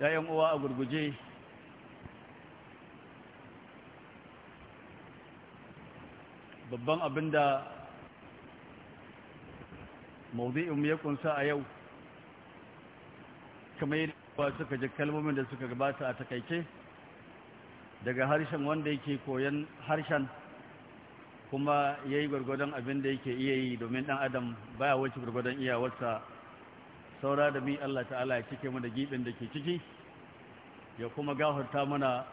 ya uwa a gurguje babban abin da mu ya kunsa a yau kamar yadda suka ji kalmomin da suka gabata a takaice daga harshen wanda yake koyon harshen kuma ya yi gwargwadon abin da yake iya yi domin ɗan adam baya wacce gwargwadon iyawarsa saura da mi Allah ta'ala ya cike mu da gibin da ke ciki ya kuma gafarta mana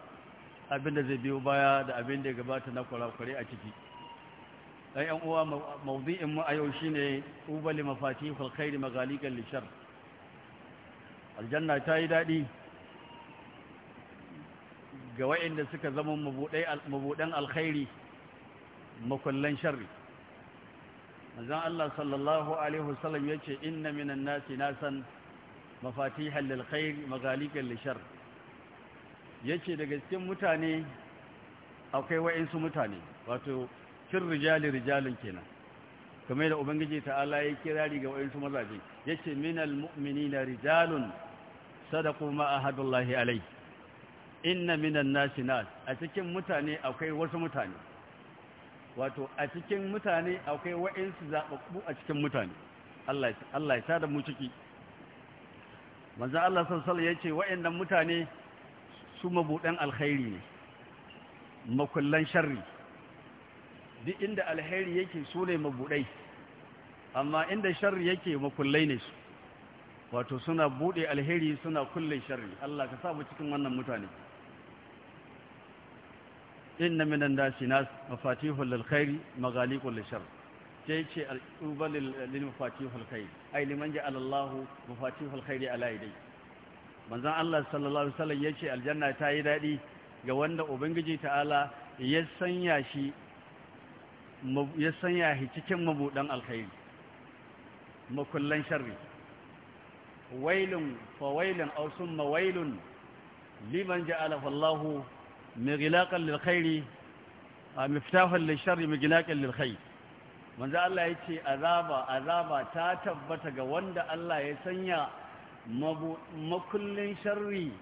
abin da zai biyo baya da abin da ya gabata na kurakure a ciki Ɗan yan uwa mawdu'in mu a yau ne ubali mafatihul khairi maghaliqan lishar aljanna ta yi daɗi ga wa'inda suka zama mabuɗan alkhairi makullan sharri manzon Allah sallallahu alaihi wasallam yace inna minan nasi san mafatihan lil khair maghalikan Lishar. Ya ce daga cikin mutane akwai wa'insu mutane wato cin rijali rijalin kenan kamar da ubangiji ta'ala ya kira riga wa'insu mazaje yace minal mu'minina rijalun sadaqu ma alai. alaihi inna minan nasi na a cikin mutane akwai wasu mutane wato a cikin mutane akwai wa'insu zaɓaɓɓu a cikin mutane Allah ya sada mu ciki manzan Allah sallallahu ya ce wa'annan mutane su mabuɗan alkhairi ne makullan sharri duk inda alkhairi yake su ne mabuɗai amma inda sharri yake makullai ne su wato suna buɗe alkhairi suna kulle sharri Allah ka sa mu cikin wannan mutane inna minan nasi nas mafatihul lil khairi maghaliqul lil shar sai ce al-uba lil mafatihul khair ai liman ja'ala Allah mafatihul khairi ala yadai manzon Allah sallallahu alaihi wasallam yace aljanna ta yi dadi ga wanda ubangiji ta'ala ya sanya shi ya sanya shi cikin mabudan alkhairi makullan sharri wailun fa wailun aw summa wailun liman ja'alahu Allahu مغلاقا للخير مفتاحا للشر مغلاقا للخير manzo Allah yace azaba azaba ta tabbata ga wanda Allah ya sanya makullin sharri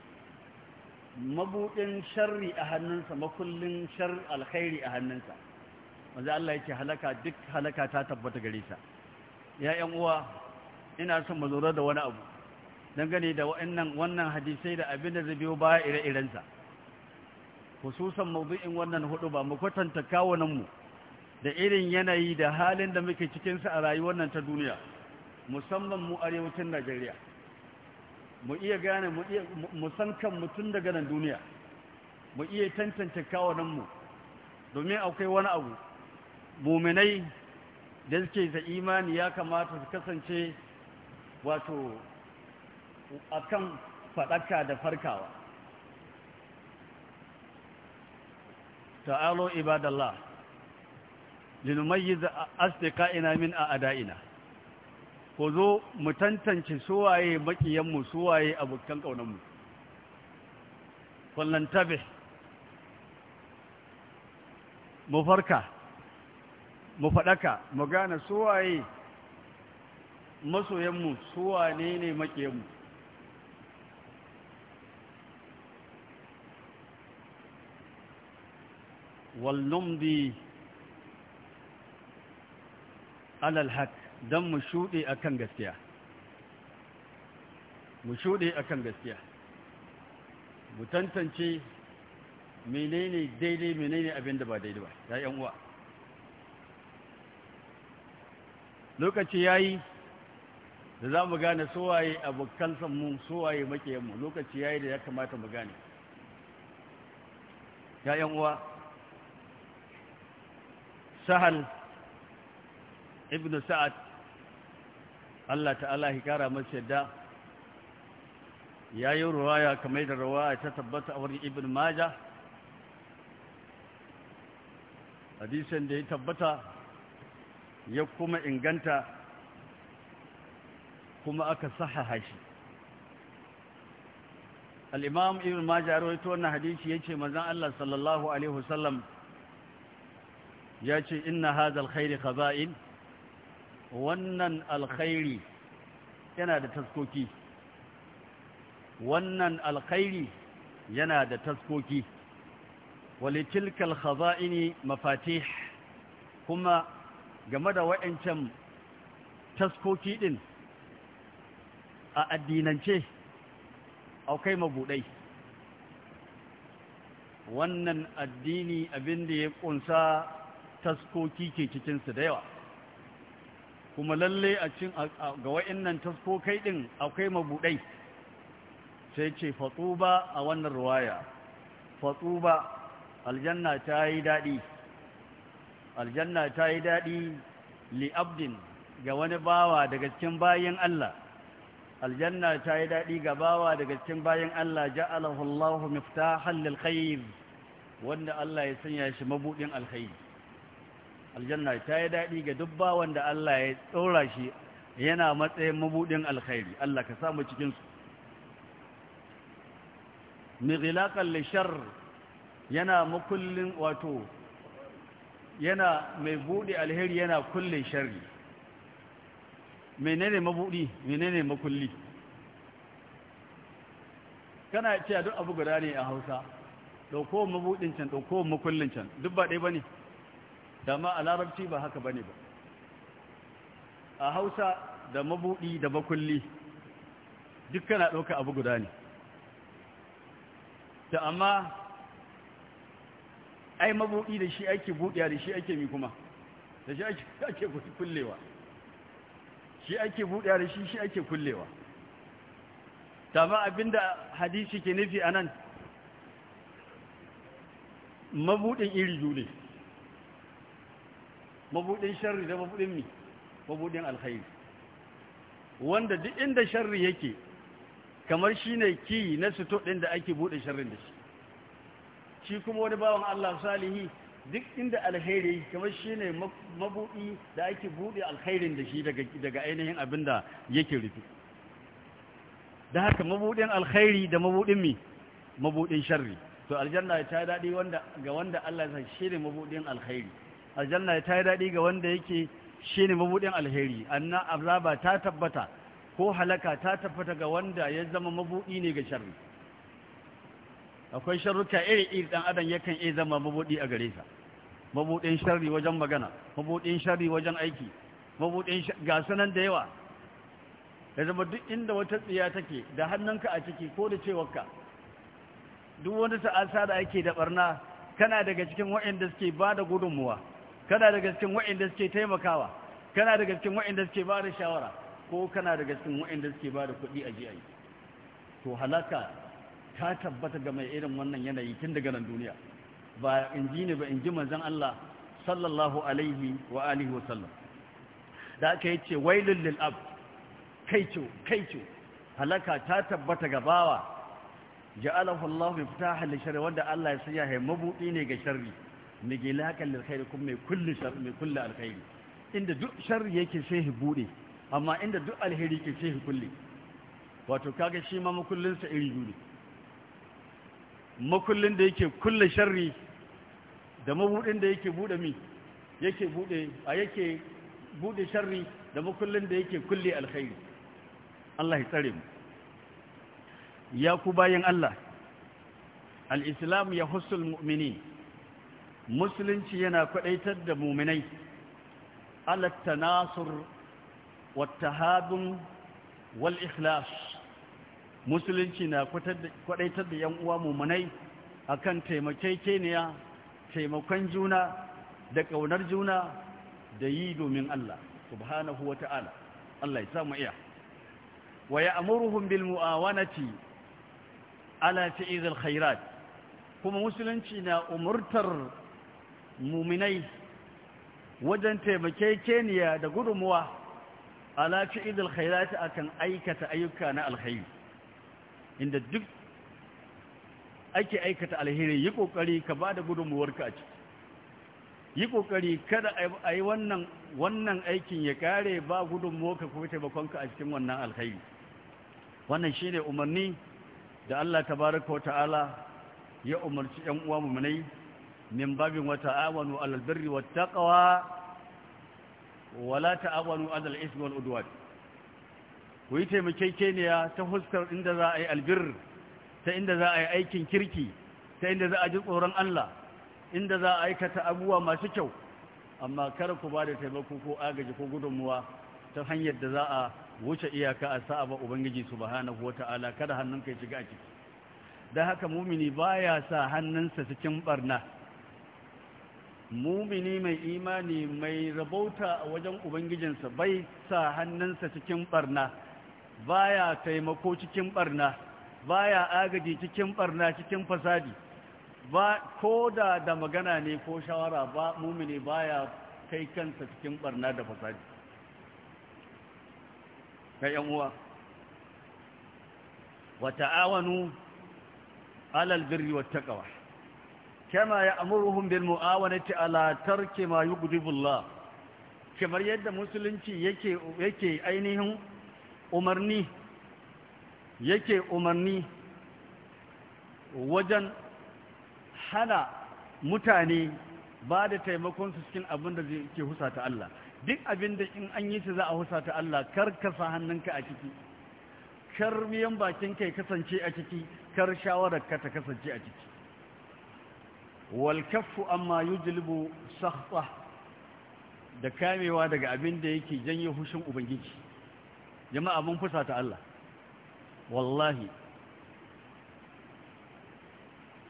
mabudin sharri a hannunsa makullin shar alkhairi a hannunsa manzo Allah yace ce halaka duk halaka ta tabbata gare sa ya ƴan uwa ina son mu lura da wani abu dangane da wa'annan wannan hadisai da abinda da zai biyo baya ire-irensa hususan mawdu'in wannan hudu ba mu kwatanta kawunan mu da irin yanayi da halin da muke cikin sa a rayuwar nan ta duniya musamman mu arewacin Najeriya mu iya gane mu iya musankan kan mutun daga nan duniya mu iya tantance kawunan mu domin akwai wani abu muminai da suke da imani ya kamata su kasance wato akan faɗaka da farkawa ta'alo ibadallah linumayyiz asdiqaina min a'daina ko zo mu tantance su waye makiyan mu waye abokan kaunan mu wallan tabe mu farka mu fadaka mu gane su waye masoyan mu wane ne makiyan mu wallumdi alal haq don mu shuɗe a kan gaskiya mu shuɗe a kan gaskiya mu tantance menene daidai menene abin da ba daidai ba ya uwa lokaci ya yi da za mu gane sowaye abokan mu sowaye makiyanmu lokaci ya yi da ya kamata mu gane ya uwa sahal ibn sa'ad Allah ta'ala ya kara masa yadda yayi ruwaya kamar da ruwaya ta tabbata a wurin ibn majah hadisin da ya tabbata ya kuma inganta kuma aka sahaha shi al-imam ibn majah rawaito wannan hadisi yace manzon Allah sallallahu alaihi wasallam ya ce inna hazal khairi khaba'il wannan alkhairi yana da taskoki wannan alkhairi yana da taskoki walitilkal khaba'ini mafatih kuma game da wa'ancan taskoki din a addinance akwai mabudai wannan addini abin da ya kunsa taskoki ke cikinsu da yawa kuma lalle a cin ga wa'innan taskokai ɗin akwai mabuɗai sai ce fatsuba a wannan ruwaya fatsuba aljanna ta yi daɗi aljanna ta yi daɗi li'abdin ga wani bawa daga cikin bayan Allah aljanna ta yi daɗi ga bawa daga cikin bayan Allah ja'alahu Allahu miftahan lil wanda Allah ya sanya shi mabudin alkhair aljanna ta yi daɗi ga dubba wanda Allah ya tsora shi yana matsayin mabuɗin alkhairi Allah ka samu cikinsu li lishar yana makullin wato yana mai buɗe alheri yana kulle shari menene mabuɗi menene makulli kana ce duk abu guda ne a hausa ɗauko mabuɗin can ɗauko makullin can duk ba ɗaya ba ne da ma a larabci ba haka bane ba a hausa da mabuɗi da makulli dukkan kana ɗauka abu guda ne da amma ai mabuɗi da shi ake buɗiya da shi ake mi kuma da shi ake kullewa shi ake buɗiya da shi shi ake kullewa tama abinda hadisi ke nufi anan mabuɗin iri biyu Mabuɗin sharri da mabudin mi mabudin alkhairi wanda duk inda sharri yake kamar shine ki na sito ɗin da ake buɗe sharrin da shi shi kuma wani bawan Allah salihi duk inda alkhairi kamar shine mabuɗi da ake buɗe alkhairin da shi daga ainihin abin da yake rufi da haka mabuɗin alkhairi da mabudin mi mabudin sharri to aljanna ta daɗi ga wanda Allah ya shi ne mabuɗin alkhairi aljanna ta yi daɗi ga wanda yake shi ne mabuɗin alheri anna azaba ta tabbata ko halaka ta tabbata ga wanda ya zama mabuɗi ne ga sharri akwai sharruka iri-iri ɗan adam yakan iya zama mabuɗi a gare sa mabuɗin sharri wajen magana mabuɗin sharri wajen aiki mabuɗin ga nan da yawa ya zama duk inda wata tsiya take da hannunka a ciki ko da cewarka duk wani ta'asa da ake da barna kana daga cikin waɗanda suke ba da gudunmuwa kana daga cikin waɗanda suke taimakawa kana daga cikin waɗanda suke ba da shawara ko kana daga cikin waɗanda suke ba da kuɗi a ji to halaka ta tabbata ga mai irin wannan yanayi tun daga nan duniya ba in ji ne ba in ji manzon Allah sallallahu alaihi wa alihi wa sallam da aka yi ce wailul lil ab kaico kaico halaka ta tabbata ga bawa ja'alahu Allah miftahan li sharri wanda Allah ya sanya hay mabudi ne ga sharri migilakan lilkhairi kuma mai kulli shar mai kulli alkhairi inda duk shar yake sai hi bude amma inda duk alheri ke sai hi kulli wato kaga shi ma makullin sa iri biyu ne makullin da yake kulle sharri da mabudin da yake bude mi yake bude a yake bude sharri da makullin da yake kulli alkhairi Allah ya tsare mu ya ku bayan Allah al-islam ya hussul mu'minin musulunci yana kwadaitar da muminai alat tanasur wattahabun wal ikhlas musulunci na kwadaitar da yan uwa muminai kan taimakekeniya taimakon juna da ƙaunar juna da yi domin Allah subhanahu wa ta'ala Allah ya samu iya wa ya'muruhum bil mu'awanati ala fi'il khairat kuma musulunci na umurtar muminai wajen taimake keniya da gudunmuwa ala idil khairati akan aikata ayyuka na alkhairi inda duk ake aikata alheri yi kokari ka bada gudunmuwarka a ciki yi kokari kada a yi wannan aikin ya kare ba ka ko taimakonka a cikin wannan alkhairi wannan shine umarni da Allah tabaraka wa ta'ala ya umarci 'yan uwa muminai min babin wa ta'awanu alal birri taqwa wa ta'awanu alal ismi wal udwan ku yi taimakekeniya ta huskar inda za a yi albir ta inda za a yi aikin kirki ta inda za a ji tsoron Allah inda za a aikata abubuwa masu kyau amma kar ku ba da taimako ko agaji ko gudunmuwa ta hanyar da za a wuce iyaka a sa'a ubangiji subhanahu wata'ala kada hannunka ya shiga a ciki da haka mumini baya sa hannunsa cikin barna mumini mai imani mai rabauta a wajen ubangijinsa bai sa hannunsa cikin barna baya taimako cikin barna baya agaji cikin barna cikin fasadi ba ko da da magana ne ko shawara ba mumini baya kai kansa cikin barna da fasadi ka yan uwa wa ta'awanu alal birri wat taqwa kama ya amurhum bil mu'awanati ala tarki ma yughdibullah kamar yadda musulunci yake ainihin umarni yake umarni wajen hana mutane ba da taimakon su cikin abin da ke ta Allah duk abin da in an yi su za a ta Allah kar ka sa hannunka a ciki kar miyan bakin kai kasance a ciki kar shawarar ka ta kasance a ciki walkaffu amma yujlibu sakhta da kamewa daga abin da yake janye hushin ubangiji jama'a mun fusata Allah wallahi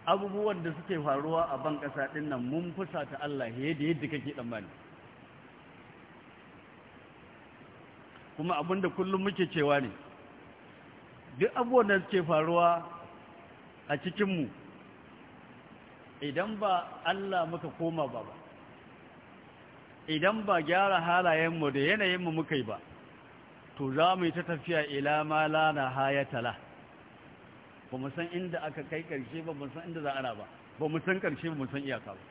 abubuwan da suke faruwa a ban kasa din nan mun fusata Allah yadda yadda kake tsammani kuma abinda kullum muke cewa ne duk abubuwan da suke faruwa a cikinmu idan ba Allah muka koma ba ba idan ba gyara halayenmu da yanayinmu muka yi ba to za mu yi ta tafiya ila ma la na hayatala ba mu san inda aka kai karshe ba mu san inda za ana ba ba mu san karshe ba mu san iyaka ba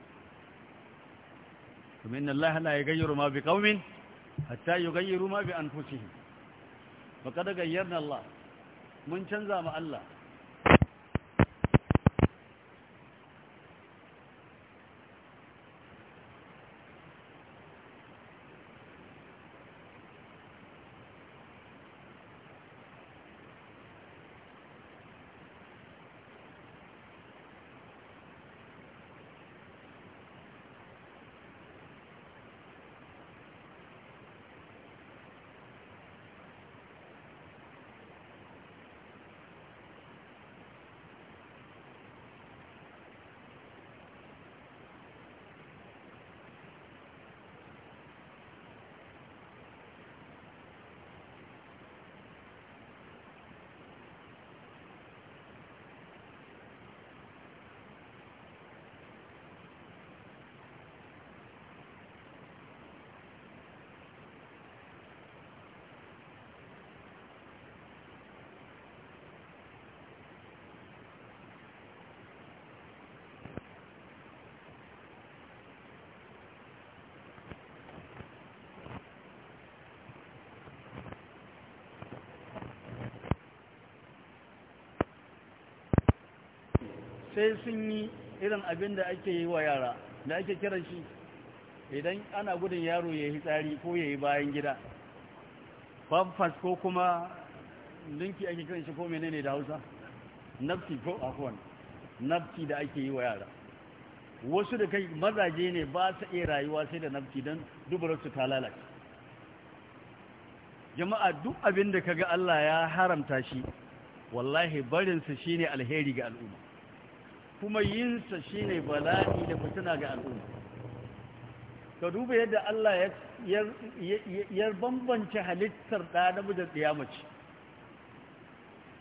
kuma inna Allah la yughayyiru ma bi qaumin hatta yughayyiru ma bi anfusihim fa kad ghayyarna Allah mun canza mu Allah sai sun yi irin abin da ake yi wa yara da ake kiran shi idan ana gudun yaro ya yi tsari ko ya yi bayan gida famfas ko kuma linki ake kiran shi ko menene da hausa nafti ko akwai nafti da ake yi wa yara wasu da kai mazaje ne ba su iya rayuwa sai da nafti don dubararsu ta lalace jama'a duk abin da kaga Allah ya haramta shi wallahi barinsa shine alheri ga al'umma kuma yinsa shine bala'i da fitina ga al'umma ka duba yadda Allah ya bambance halittar ɗa namijin ɗiyamaci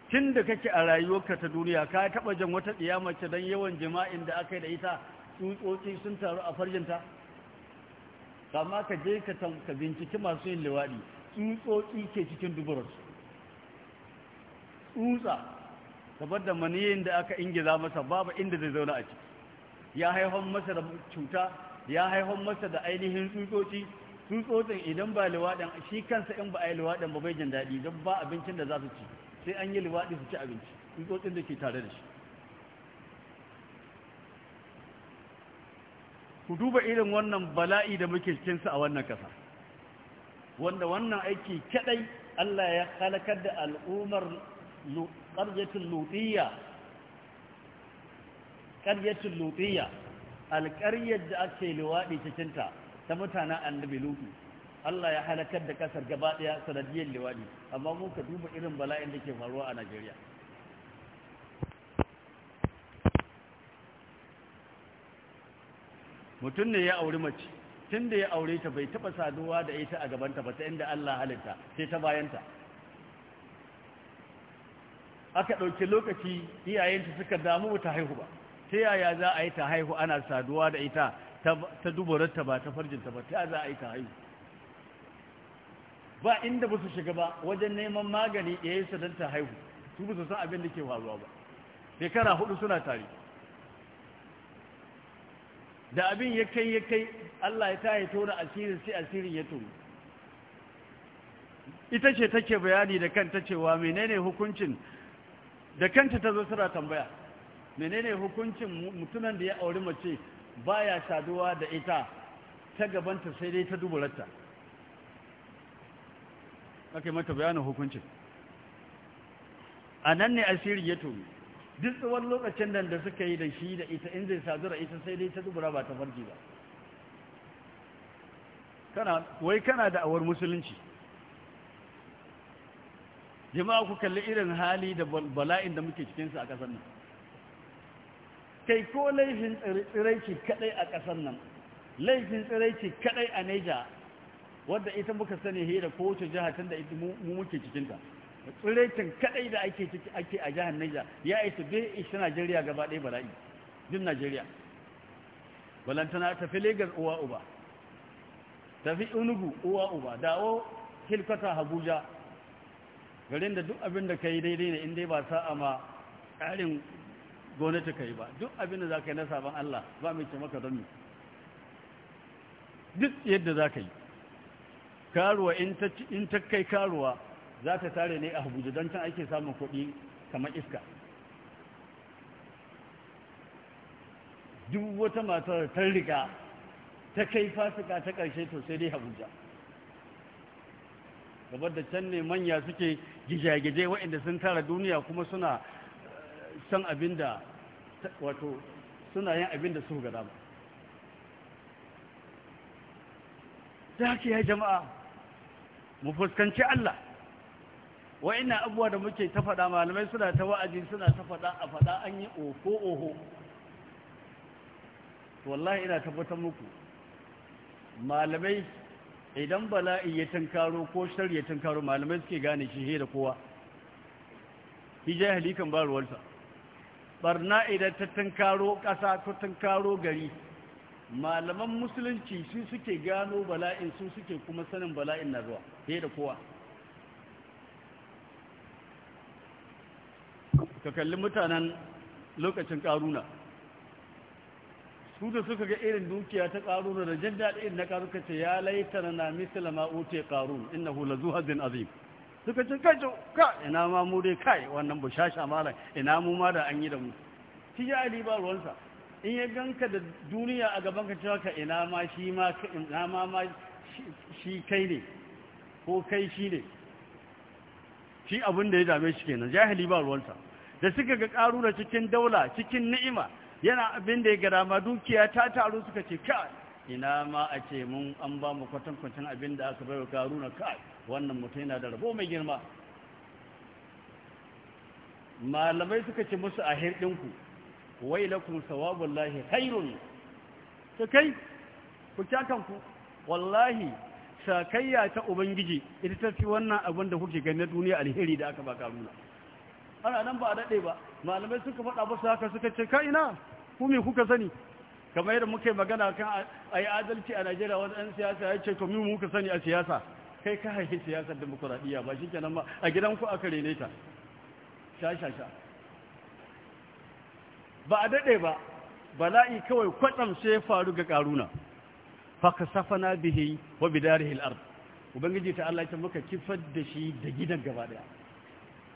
tun da kake a rayuwarka ta duniya ka taɓa jan wata ɗiyamaci don yawan jima'in da aka yi da ita tsutsotsi sun taru a farjinta kama ka je ka binciki masu yin liwaɗi tsutsotsi ke cikin duburarsu tsutsa da maniyin da aka ingiza masa babu inda zai zauna a ciki ya haifan masa da cuta ya haifan masa da ainihin tsutsotsi tsutsotsin idan ba liwaɗin shi kansa in ba a yi liwaɗin ba bai jin daɗi don ba abincin da za su ci sai an yi liwaɗi su ci abinci tsutsotsin da ke tare da shi ku duba irin wannan bala'i da muke cikinsa a wannan ƙasa wanda wannan aiki kaɗai Allah ya halakar da al'ummar alƙaryatul lutiyya ƙaryatul alƙaryar da ake luwaɗi cikinta ta mutane annabi lutu Allah ya halakar da ƙasar gaba ɗaya sanadiyar liwaɗi amma mu ka duba irin bala'in da ke faruwa a Najeriya mutum ne ya auri mace tun da ya aure ta bai taɓa saduwa da ita a gabanta ba ta inda Allah halitta sai ta bayanta aka ɗauki lokaci iyayenta suka damu ta haihu ba ta yaya za a yi ta haihu ana saduwa da ita ta duburarta ba ta farjinta ba ta za a yi ta haihu ba inda ba su shiga ba wajen neman magani ya yi don ta haihu su ba su san abin da ke faruwa ba shekara hudu suna tare da abin ya kai ya kai Allah ya ta ya tona asirin sai asirin ya tono. ita ce take bayani da kanta cewa menene hukuncin da kanta ta zo suna tambaya menene hukuncin mutumin da ya auri mace baya saduwa da ita ta gabanta sai dai ta duburarta aka yi mata bayanin hukuncin a nan ne asiri ya tobe duk tsawon lokacin da suka yi da shi da ita in zai sadura ita sai dai ta dubura ba ta farji ba wai kana da awar musulunci jama'a ku kalli irin hali da bala'in da muke cikinsa a ƙasar nan kai ko laifin tsiraici kadai a ƙasar nan laifin tsiraici kadai a Neja wadda ita muka sani hira ko wuce jiha tun da mu muke cikinta tsiraicin kadai da ake ciki ake a jihar Neja ya isa bai isa Najeriya gaba ɗaya bala'i jin Najeriya balantana tafi Legas uwa uba tafi Enugu uwa uba dawo Hilkata Abuja garin da duk abin da ka yi daidai ne in dai ba sa'a ma ƙarin gwamnati ka yi ba duk abin da za ka yi na sabon Allah ba mai ce maka don duk yadda za ka yi karuwa in ta kai karuwa za ta tare ne a abuja don can ake samun kuɗi kamar iska duk wata matar ta riga ta kai fasika ta ƙarshe to sai dai abuja gabar da can ne manya suke gijagije waɗanda sun tara duniya kuma suna eh, san abin da wato suna yin abin da su ga dama ta haka ya jama'a mu fuskanci Allah ina abuwa da muke ta faɗa malamai suna ta wa'azi suna ta faɗa a faɗa an yi oho oho wallahi ina tabbatar muku malamai idan bala'i ya tunkaro ko shari ya tunkaro malamai suke gane shi da kowa shi jahili kan ba ruwarsa barna idan ta tunkaro ƙasa ko tunkaro gari malaman musulunci su suke gano bala'in su suke kuma sanin bala'in na zuwa he da kowa ka kalli mutanen lokacin ƙaruna su da suka ga irin dukiya ta karu da jin daɗi irin na ƙaru ka ce ya laita na misala ma ote karu inna hula zuwa bin azim suka ce kai ka ina ma mu dai kai wannan bushasha malam ina mu ma da an yi da mu shi ya ali ba ruwansa in ya ganka da duniya a gaban ka cewa ka ina ma shi ma ina ma ma shi kai ne ko kai shi ne shi abin da ya dame shi kenan jahili ba ruwansa da suka ga da cikin daula cikin ni'ima yana abin da ya gara ma dukiya ta taru suka ce kai ina ma a ce mun an ba mu kwatan abin da aka baiwa na kai wannan mutum yana da rabo mai girma malamai suka ce musu a hirɗinku wai lakum sawabun lahi hairun ta kai ku kyakanku wallahi sakayya ta ubangiji ita ta fi wannan abin da kuke gani na duniya alheri da aka ba karuna ana nan ba a daɗe ba malamai suka faɗa musu haka suka ce ka ina ku me kuka sani kamar yadda muke magana kan ayi adalci a Najeriya wani ɗan siyasa ya ce to mu kuka sani a siyasa kai ka haifi siyasar demokuraɗiyya ba shikenan ba a gidanku aka rene ta sha sha sha ba a daɗe ba bala'i kawai kwatsam sai ya faru ga ƙaruna faka safana bihi wa bidarihi al ubangiji ta Allah ta muka kifar da shi da gidan gaba daya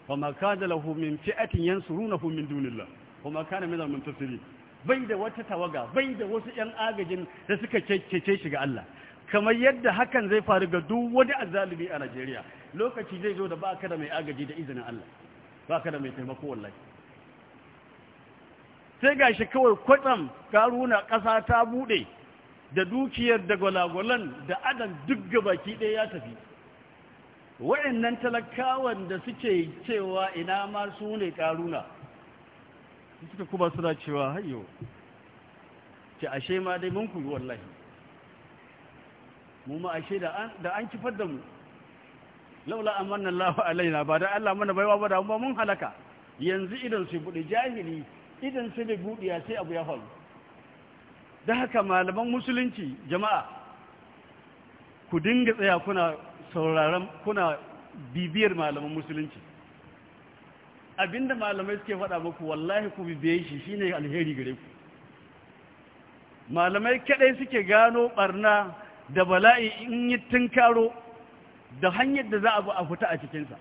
wa ma kana lahu min fi'atin yansurunahu min dunillah wa ma kana min al-muntasiri bai da wata tawaga bai da wasu ‘yan agajin da suka cece shi ga Allah kamar yadda hakan zai faru ga duk wani azalimi a Najeriya lokaci zai zo da ba ka da mai agaji da izinin Allah ba ka da mai taimako wallahi sai ga shi kawai kwatsam karuna ƙasa ta buɗe da dukiyar da gwalagwalan da adam duk gabaki ɗaya ya tafi wa'annan talakawan da suke cewa ina ma su ne karuna suka kuma suna cewa hayo ce ashe ma dai mun kuyi wallahi mu ma ashe da an kifar da mu laula amanna Allahu alaina ba da Allah mana baiwa ba da mu mun halaka yanzu idan su bude jahili idan su bai ya sai abu ya faru da haka malaman musulunci jama'a ku dinga tsaya kuna sauraron kuna bibiyar malaman musulunci abinda malamai suke faɗa muku wallahi ku bi biye shi shine alheri gare ku malamai kadai suke gano barna da bala'i in yi tunkaro da hanyar da za a bi a fita a cikinsa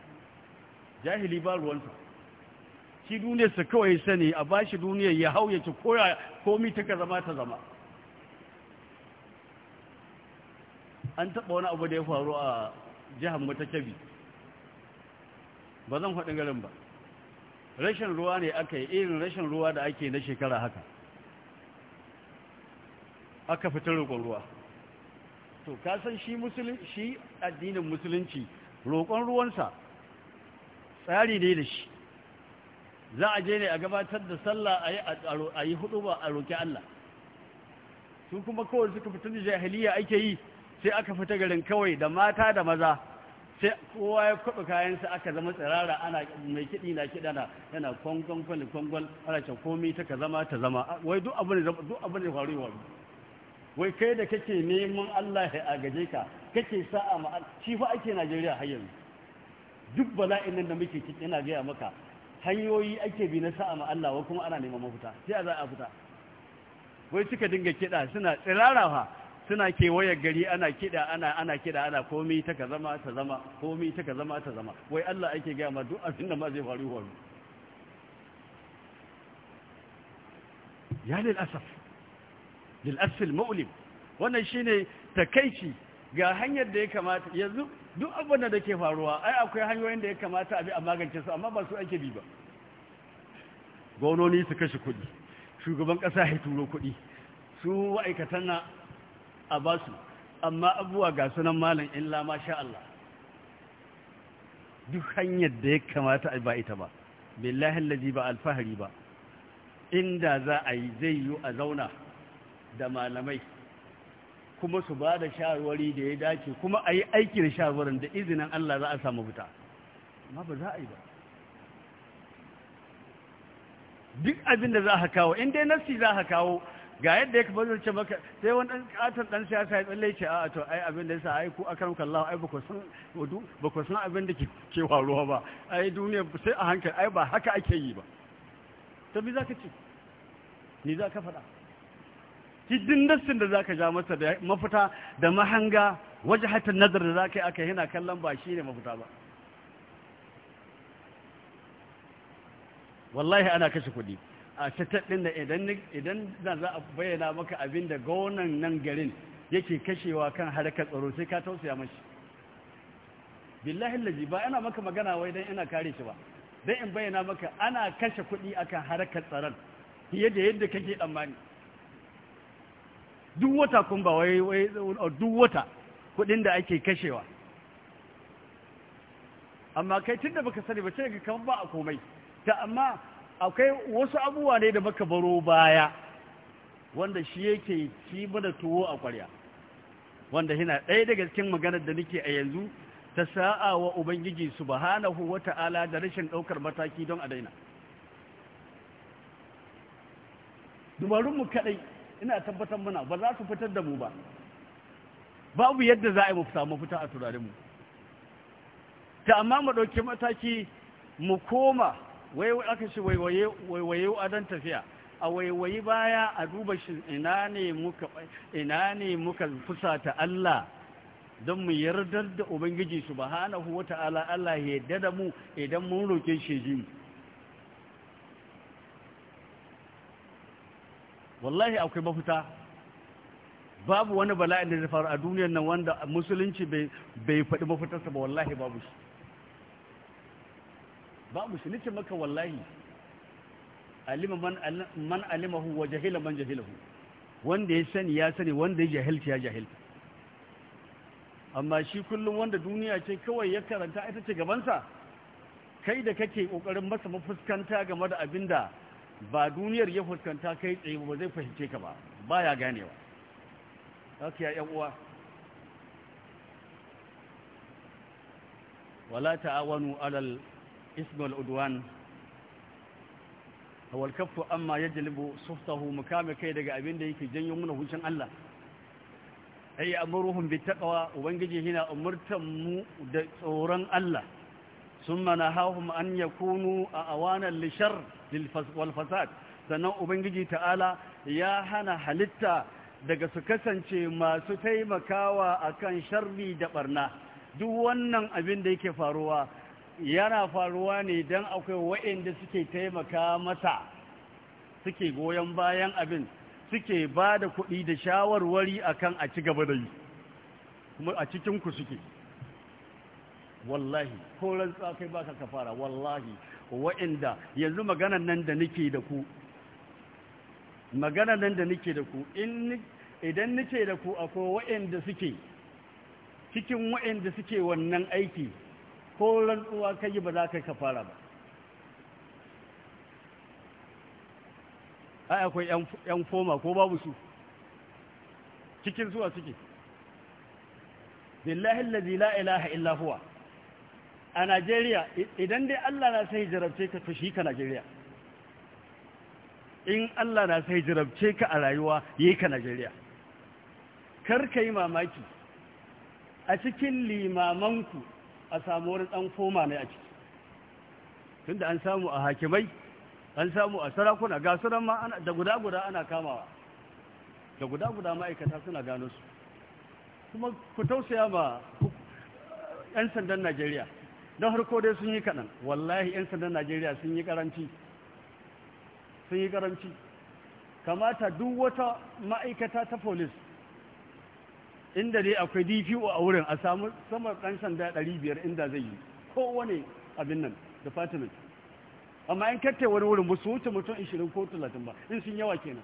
jahili ba ruwansa shi duniyarsa kawai sani a bashi shi duniyar ya hau ya ci koya komi ta zama ta zama an taɓa wani abu da ya faru a jihar mata kyabi ba zan faɗin garin ba rashin ruwa ne aka yi irin rashin ruwa da ake na shekara haka aka fitar roƙon ruwa to kasan shi shi addinin musulunci roƙon ruwansa tsari ne da shi za a je ne a gabatar da sallah a yi hudu ba a roƙi Allah su kuma kowai suka fitar da jahiliya ake yi sai aka fita garin kawai da mata da maza sai kowa ya kwaɓa sa aka zama tsirara ana mai kiɗi na kiɗa na yana kwangon kwalin kwangon ana can komai ta ka zama ta zama wai duk abu ne duk abin da faru wai kai da kake neman Allah ya agaje ka kake sa'a ma shi fa ake Najeriya har yanzu duk bala'in nan da muke ciki ina gaya maka hanyoyi ake bi na sa'a ma Allah wai kuma ana neman mafuta sai a za a fita wai suka dinga kiɗa suna tsirara fa suna kewaye gari ana kida ana ana kida ana komai ta ka zama ta zama komai ta ka zama ta zama wai Allah ake gaya ma duk abin da ma zai faru faru ya lil asaf lil asfil mu'lim wannan shine takeici ga hanyar da ya kamata yanzu duk abin da ke faruwa ai akwai hanyoyin da ya kamata a bi a magance su amma ba su ake bi ba Gononi su kashe kuɗi shugaban ƙasa ya turo kuɗi su ma'aikatan na a basu amma abubuwa ga sunan malam illa masha Allah duk hanyar da ya kamata a ba ita ba billahi laji ba alfahari ba inda za a yi zai yi a zauna da malamai kuma su ba da shawarwari da ya dace kuma a yi aiki da shawarwarin da izinin Allah za a samu fita amma ba za a yi ba duk abin da za a kawo inda nasi za a kawo ga yadda ya kafa zurce maka sai wani ɗan katon ɗan siyasa ya tsalle ce a to ai abin da yasa ai ku akan Allah ai bako san wudu bako san abin da ke faruwa ba ai duniya sai a hankali ai ba haka ake yi ba to bi zaka ce ni zaka faɗa hiddin dastin da zaka ja masa da mafita da mahanga wajhatan nazar da zaka yi aka yana kallon ba ne mafita ba wallahi ana kashe kuɗi a tattaɗin da idan za a bayyana maka abin da gonan nan garin yake kashewa kan harkar tsaro sai ka tausaya mashi billahi laji ba ina maka magana wai dan ina kare shi ba dan in bayyana maka ana kashe kuɗi akan harkar tsaron fiye da yadda kake tsammani duk wata kun ba wai wai duk wata kuɗin da ake kashewa amma kai tunda baka sani ba sai ka kan ba a komai ta amma akwai wasu abubuwa ne da muka baro baya wanda shi yake ci mana tuwo a ƙwarya wanda yana ɗaya daga cikin maganar da nake a yanzu ta sa'a wa ubangiji subhanahu ta'ala da rashin ɗaukar mataki don a daina dubarunmu kaɗai ina tabbatar mana ba za su fitar da mu ba babu yadda za a yi mu samu fita a turarenmu ta amma mu ɗauki mataki mu koma wai aka shi waiwaye don tafiya a waiwayi baya a duba shi ina ne muka ina ne muka fusata Allah don mu yardar da ubangiji subhanahu wata'ala Allah ya yarda mu idan mun roke shi ji wallahi akwai mafita babu wani bala'in da zai faru a duniyar nan wanda musulunci bai faɗi mafitarsa ba wallahi babu shi ba shi maka wallahi alima man alimahu wa jahila man jahilahu wanda ya sani ya sani wanda ya jahilci ya jahilta amma shi kullum wanda duniya ce kawai ya karanta ita ce gabansa kai da kake kokarin masa mafuskanta game da abinda ba duniyar ya fuskanta kai tsaye ba zai fahimce ka ba baya ganewa haka ya uwa wala ta'awanu alal ismul udwan hawa alkaffu amma ya jalibu suftahu mukame kai daga abin da yake janyo muna hunshin Allah ayi amuruhum bitaqwa ubangiji hina umurtan mu da tsoron Allah summa nahahum kunu a awana lishar lil wal sannan ubangiji ta'ala ya hana halitta daga su kasance masu taimakawa a kan sharmi da barna duk wannan abin da yake faruwa yana faruwa ne don akwai waɗanda suke taimaka mata suke goyon bayan abin suke ba da kuɗi da shawarwari akan a ci gaba da yi kuma a cikinku suke wallahi ko rantsa kai baka kafara wallahi waɗanda yanzu maganan nan da nake da ku maganan nan da nake da ku idan nake da ku akwai waɗanda suke cikin waɗanda suke wannan aiki ko rantsuwa ka yi ba za ka yi fara ba ai akwai yan foma ko babu su cikin zuwa suke billahi allazi la ilaha illa huwa a Najeriya idan dai Allah na sai jarabce ka to shi ka Najeriya in Allah na sai jarabce ka a rayuwa yi ka Najeriya kar ka yi mamaki a cikin limamanku a samu wani ɗan foma ne a ciki tunda an samu a hakimai an samu a sarakuna ga sunan ma da guda-guda ana kamawa da guda-guda ma'aikata suna gano su kuma ku tausaya ma 'yan sandan najeriya don harko dai sun yi kaɗan wallahi 'yan sandan najeriya sun yi karanci sun yi karanci kamata duk wata ma'aikata ta polis inda dai akwai dpo a wurin a samu sama kan sanda 500 inda zai yi kowane abin nan department amma in kattai wani wurin ba su wuce mutum 20 ko 30 ba in sun yawa kenan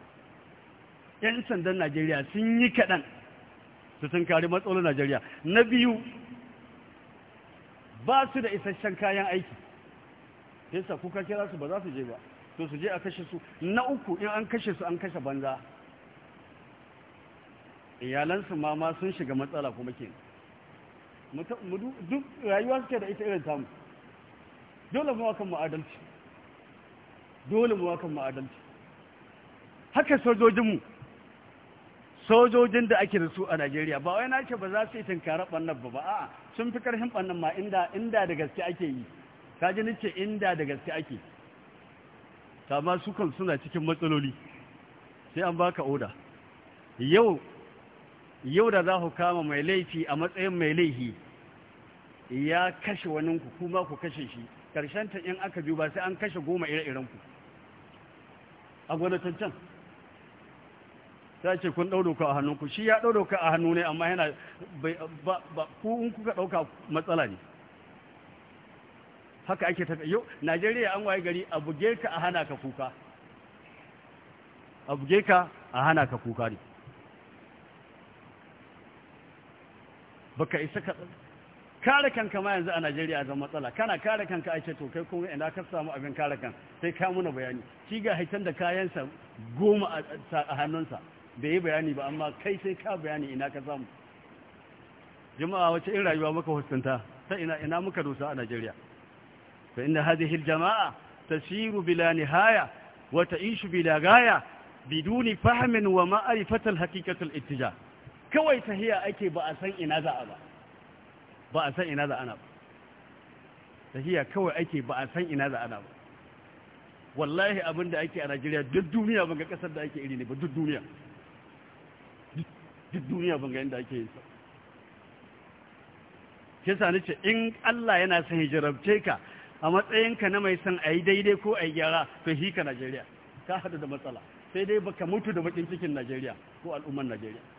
yan sandan najeriya sun yi kaɗan su sun kari matsalolin najeriya na biyu ba su da isasshen kayan aiki yasa kuka kira su ba za su je ba to su je a kashe su na uku in an kashe su an kashe banza iyalansu ma ma sun shiga matsala kuma ke duk rayuwa suke da ita irin tamu dole mu akan ma'adalci dole mu akan ma'adalci haka sojojinmu sojojin da ake da su a Najeriya ba wai na ce ba za su yi tunkara ɓannan ba ba a'a sun fi ƙarfin ɓannan ma inda inda da gaske ake yi ka ji nace inda da gaske ake ta ma su kan suna cikin matsaloli sai an baka oda yau yau da za ku kama mai laifi a matsayin mai laifi ya kashe wani kuma ku kashe shi ƙarshen ta in aka biyu ba sai an kashe goma ire-iren ku a gwamnatin can ta ce kun ɗau doka a hannunku shi ya ɗau doka a hannu ne amma yana ba ku in kuka ɗauka matsala ne haka ake ta yau najeriya an waye gari a buge ka a hana ka kuka a buge ka a hana ka kuka ne baka isa ka kare kanka ma yanzu a Najeriya zan matsala kana kare kanka a ce to kai kuma ina ka samu abin kare kan sai ka muna bayani shi ga haitan da kayansa goma a hannunsa bai yi bayani ba amma kai sai ka bayani ina ka samu jama'a wace in rayuwa muka huskanta ta ina ina muka dosa a Najeriya fa inna hadhihi aljamaa tasiru bila nihaya wa ta'ishu bila gaya biduni fahmin wa ma'rifati alhaqiqati alittija' kawai tahiya ake ba a san ina za a ba ba a san ina za ana ba tahiya kawai ake ba a san ina za ana ba wallahi abin da ake a Najeriya duk duniya ban ga kasar da ake iri ne ba duk duniya duk duniya ban ga inda ake yin sa ke Sani ce in Allah yana son hijirabce ka a matsayinka na mai son a yi daidai ko a yi gyara to hi ka Najeriya ka hadu da matsala sai dai baka mutu da bakin cikin Najeriya ko al'ummar Najeriya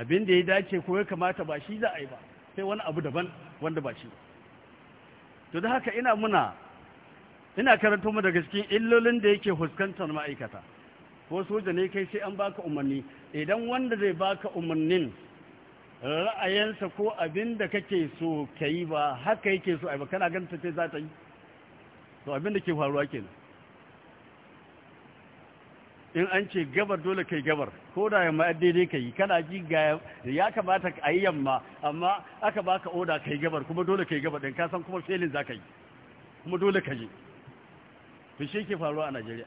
abin da ya dace ko ya kamata ba shi za a yi ba sai wani abu daban wanda ba shi ba to da haka ina muna ina karanto mu daga cikin illolin da yake fuskantar ma'aikata ko soja ne kai sai an baka umarni idan wanda zai baka umarnin ra'ayinsa ko abin da kake so ka yi ba haka yake so a ba kana ganin ta ce za ta yi to abin da ke faruwa kenan in an ce gabar dole kai gabar ko da yamma daidai ka yi kana ji ga ya kamata a yi yamma amma aka baka oda kai gabar kuma dole kai gabar ɗin kasan kuma felin za ka yi kuma dole ka je fi shi ke faruwa a Najeriya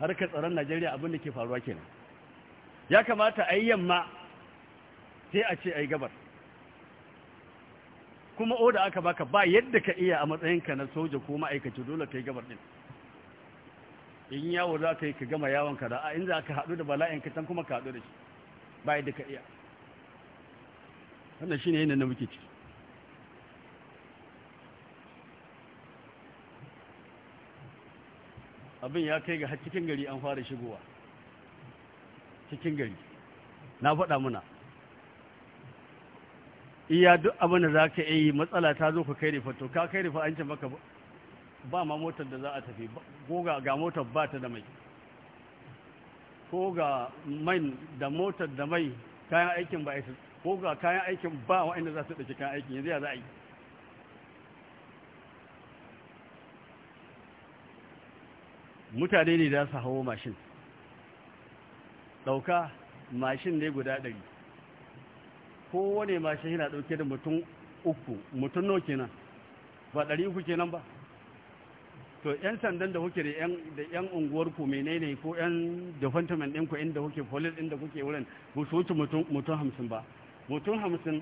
harkar tsaron Najeriya abinda da ke faruwa ke nan ya kamata a yi yamma sai a ce a yi gabar kuma oda aka baka ba yadda ka iya a matsayinka na soja ko ma'aikaci dole kai gabar ɗin. in yawo za ka yi ka gama yawon ka da in za ka haɗu da bala'in ka can kuma ka haɗu da shi ba yadda ka iya wannan ne yanayin da muke ci abin ya kai ga har cikin gari an fara shigowa cikin gari na faɗa muna iya duk abin da za ka yi matsala ta zo ka kai rifa to ka kai rifa an ce maka ba ma motar da za a tafi ko ga motar ba ta da mai ko ga man da motar da mai kayan aikin ba ko ga kayan aikin ba waɗanda za su ɗauki kayan aikin yanzu ya za a yi mutane ne za su hawo mashin ɗauka mashin ne guda ɗari kowane mashin yana ɗauke da mutum uku mutum nau kenan ba ɗari uku kenan ba to yan sandan da kuke da yan da yan unguwar ku menene ko yan department din ku inda kuke police da kuke wurin ku su wuce mutum mutum hamsin ba mutum hamsin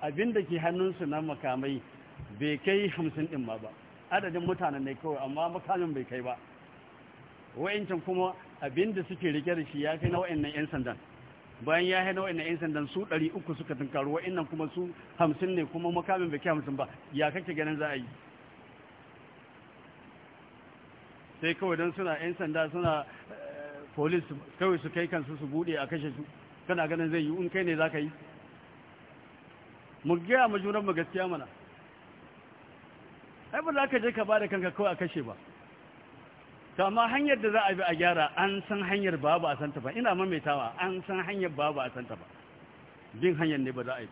abin da ke hannunsu na makamai bai kai hamsin din ma ba adadin mutanen ne kawai amma makamin bai kai ba wa'ancan kuma abin da suke rike da shi ya kai na wa'annan yan sandan bayan ya haina wa'annan 'yan sandan su ɗari uku suka tunkaru wa'annan kuma su hamsin ne kuma makamin bai kai hamsin ba ya kake ganin za a yi sai kawai don suna 'yan sanda suna eh, polis kawai su kai kansu su bude a kashe su kana ganin zai yi in kai ne za ka yi mu gaya mu juran mu gaskiya mana ai ba za ka je ka ba da kanka kawai a kashe ba to amma hanyar da za a bi a gyara an san hanyar babu a santa ba ina mamaitawa an san hanyar babu a santa ba bin hanyar ne ba za a yi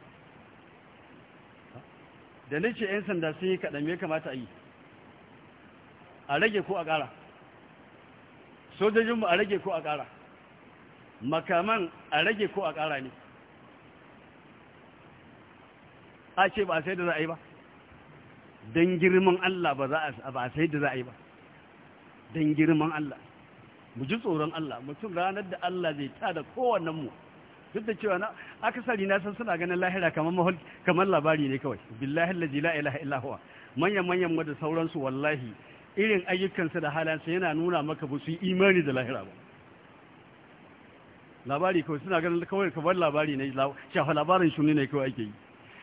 da nace 'yan sanda sun yi kaɗan me kamata a yi a rage ko a ƙara sojojinmu a rage ko a ƙara makaman a rage ko a ƙara ne a ce ba a sai da za a yi ba don girman Allah ba a sai da za a yi ba don girman Allah mu ji tsoron Allah mutum ranar da Allah zai ta da mu. duk da cewa na akasari na san suna ganin lahira kamar labari ne kawai billahi la ilaha illahuwa manyan manyan wadda sauransu wallahi irin ayyukansa da halansa yana nuna maka ba su imani da lahira ba labari kawai suna ganin kawai kamar labari ne shafa labarin shuni ne kawai ake yi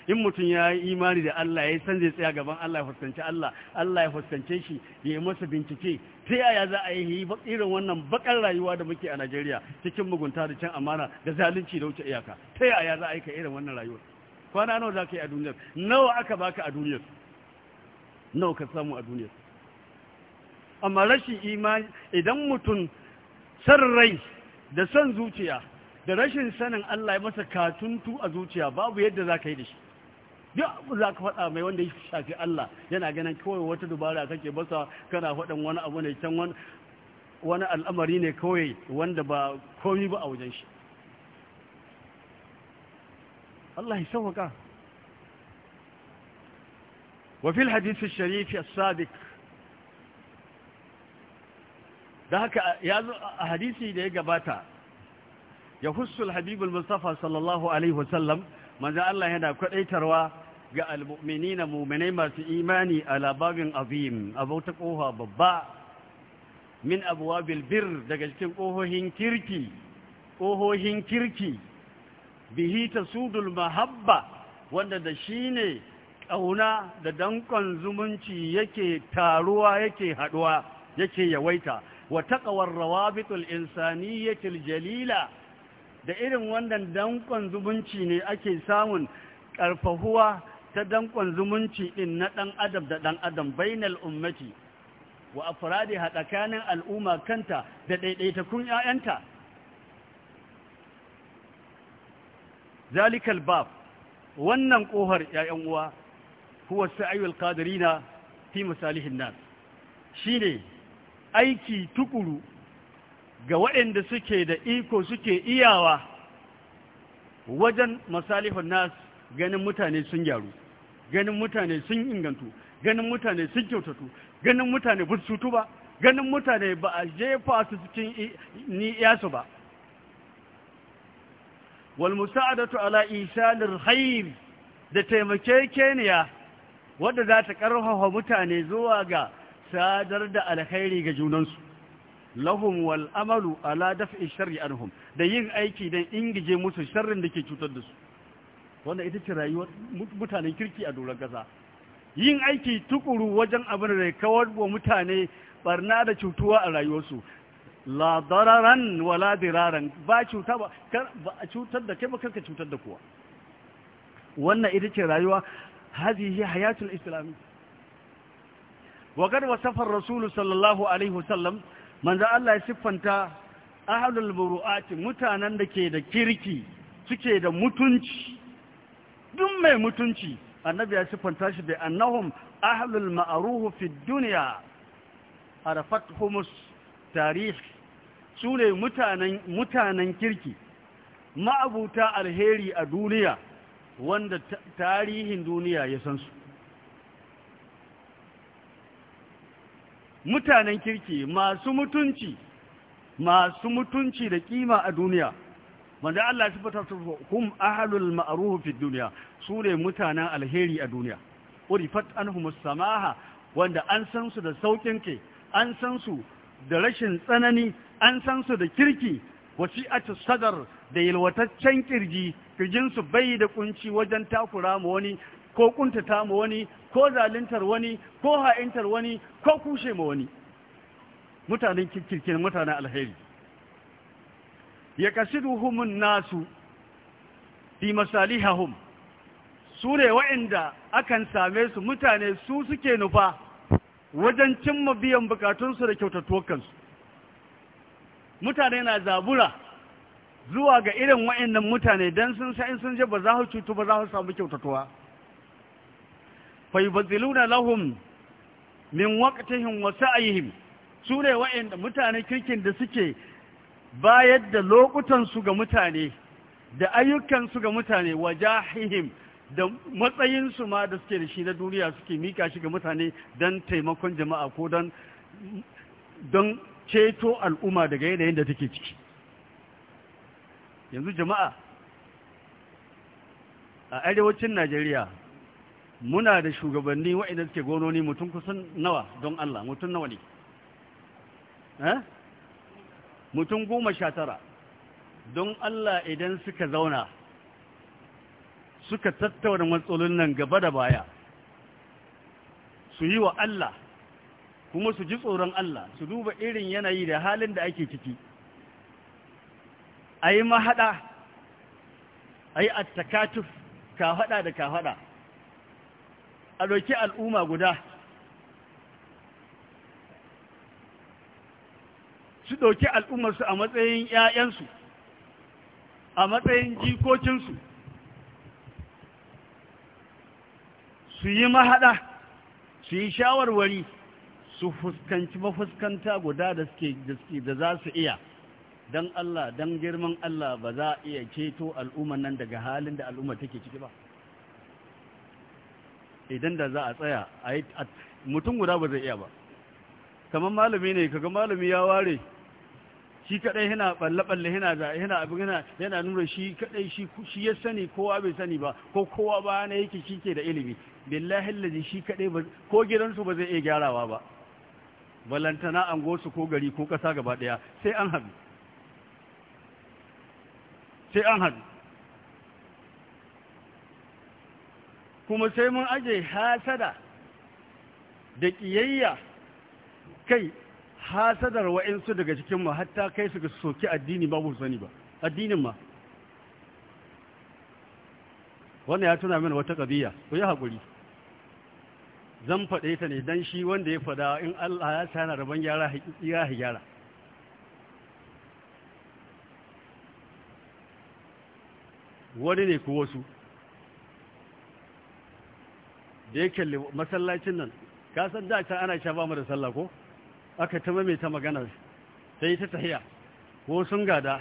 in mutum ya yi imani da Allah ya san zai tsaya gaban Allah ya fuskanci Allah Allah ya fuskance shi ya yi masa bincike ta yaya za a yi irin wannan bakar rayuwa da muke a Najeriya cikin mugunta da can amana da zalunci da wuce iyaka ta yaya za a yi ka irin wannan rayuwa kwana nawa za ka yi a duniyar nawa aka baka a duniyar nawa ka samu a duniyar amma rashin imani idan mutum san rai da son zuciya da rashin sanin Allah ya masa katuntu a zuciya babu yadda za ka yi da shi duk za ka faɗa mai wanda ya shafi Allah yana ganin kawai wata dubara kake basa kana faɗin wani abu ne can wani al'amari ne kawai wanda ba komi ba a wajen shi Allah ya sauwaka وفي الحديث الشريف sadiq. da haka ya zo a hadisi da ya gabata ya hussul habibul mustafa sallallahu alaihi wasallam manzo Allah yana kwadaitarwa ga almu'minina mu'minai masu imani ala babin azim abauta kofa babba min abwabil bir daga cikin kohohin kirki kohohin kirki bihi tasudul mahabba wanda da shine kauna da dankon zumunci yake taruwa yake haduwa yake yawaita wa taqawar rawabitul insaniyatil jalila da irin wannan dankon zumunci ne ake samun ƙarfahuwa ta dankon zumunci din na ɗan adam da ɗan adam bainal ummati wa afradi hadakanin al'umma kanta da daidaitakun 'ya'yanta, zalikal bab wannan kohar ƴaƴan uwa huwa sa'ayul na fi masalihin nas shine aiki tukuru ga waɗanda suke da iko suke iyawa wajen masalihun nas ganin mutane sun gyaru ganin mutane sun ingantu ganin mutane sun kyautatu ganin mutane ba su ba ganin mutane ba a jefa su cikin ni su ba wal musa'adatu ala isalir hayr da taimakekeniya wadda za ta karfafa mutane zuwa ga sadar da alkhairi ga junansu lahum wal amalu ala daf'i sharri anhum da yin aiki dan ingije musu sharrin da ke cutar da su wannan ita ce rayuwar mutanen kirki a doron gaza yin aiki tukuru wajen abin da kawar wa mutane barna da cutuwa a rayuwarsu la dararan wala diraran ba cuta ba a cutar da kai ba kanka cutar da kowa wannan ita ce rayuwa hazihi hayatul islamiyya wa kad wasafa rasulu sallallahu alaihi wasallam manzo Allah ya siffanta ahlul buru'ati mutanen da ke da kirki suke da mutunci duk mai mutunci annabi ya siffanta shi da annahum ahlul ma'ruf fi dunya arafathumus tarihi sune mutanen mutanen kirki ma'abuta alheri a duniya wanda tarihin duniya ya san su mutanen kirki masu mutunci masu mutunci da kima a duniya wanda Allah shi fata su hum ahlul ma'aruhu fi duniya su ne mutanen alheri a duniya urifat anhum samaha wanda an san su da saukin ke an san su da rashin tsanani an san su da kirki wasi'atu sadar da yalwataccen kirji kirjin su bai da kunci wajen takura ma wani ko kuntata ma wani ko zaluntar wani ko ha'intar wani ko kushe ma wani mutanen kirkirkin mutanen alheri ya kasiduhumun nasu fi masalihahum su ne wa'inda akan same su mutane su suke nufa wajen cimma biyan bukatunsu da kyautattuwar kansu mutane na zabura zuwa ga irin wa'annan mutane don sun sa'in sun je ba za su cutu ba za su samu kyautatuwa faibaziluna lahum min waqtihim wa sa'ihim sune wa'anda mutane kirkin da suke bayar da lokutan su ga mutane da ayyukan su ga mutane wajahihim da matsayin su ma da suke da shi na duniya suke mika shi ga mutane don taimakon jama'a ko don don ceto al'umma daga yanayin da take ciki yanzu jama'a a arewacin Najeriya muna da shugabanni wa'inda suke gononi mutum kusan nawa don Allah mutum nawa ne eh? mutum goma sha tara don Allah idan suka zauna suka tattauna matsalolin nan gaba da baya su yi wa Allah kuma su ji tsoron Allah su duba irin yanayi da halin da ake ciki a yi mahaɗa a yi attakatuf ka haɗa da ka haɗa a ɗauki al'umma guda su ɗauki al'ummarsu a matsayin ‘ya'yansu a matsayin jikokinsu su yi mahaɗa su yi shawarwari su fuskanci mafuskanta guda da suke da za su iya don Allah don girman Allah ba za a iya ceto al'ummar nan daga halin da al'umma take ciki ba. idan da za a tsaya mutum guda ba zai iya ba kamar malami ne kaga malami ya ware shi kadai yana balle-balle yana za yana abin yana yana nuna shi kadai shi shi ya sani kowa bai sani ba ko kowa ba na yake shike da ilimi billahi allazi shi kadai ba ko gidansu ba zai iya gyarawa ba balantana an gosu ko gari ko kasa gaba daya sai an sai an haɗu kuma sai mun aje hasada da ƙiyayya kai hasadar wa'insu daga cikinmu hatta kai su ga soki addini babu sani ba addinin ma wannan ya tuna mana wata ƙabiya ku yi haƙuri zan faɗe ta ne don shi wanda ya faɗa in Allah ya sana rabon gyara ya gyara wani ne ku wasu da yake kalli masallacin nan ka san da can ana sha ba mu da sallah ko aka ta maimaita magana ta yi ta tahiya ko sun gada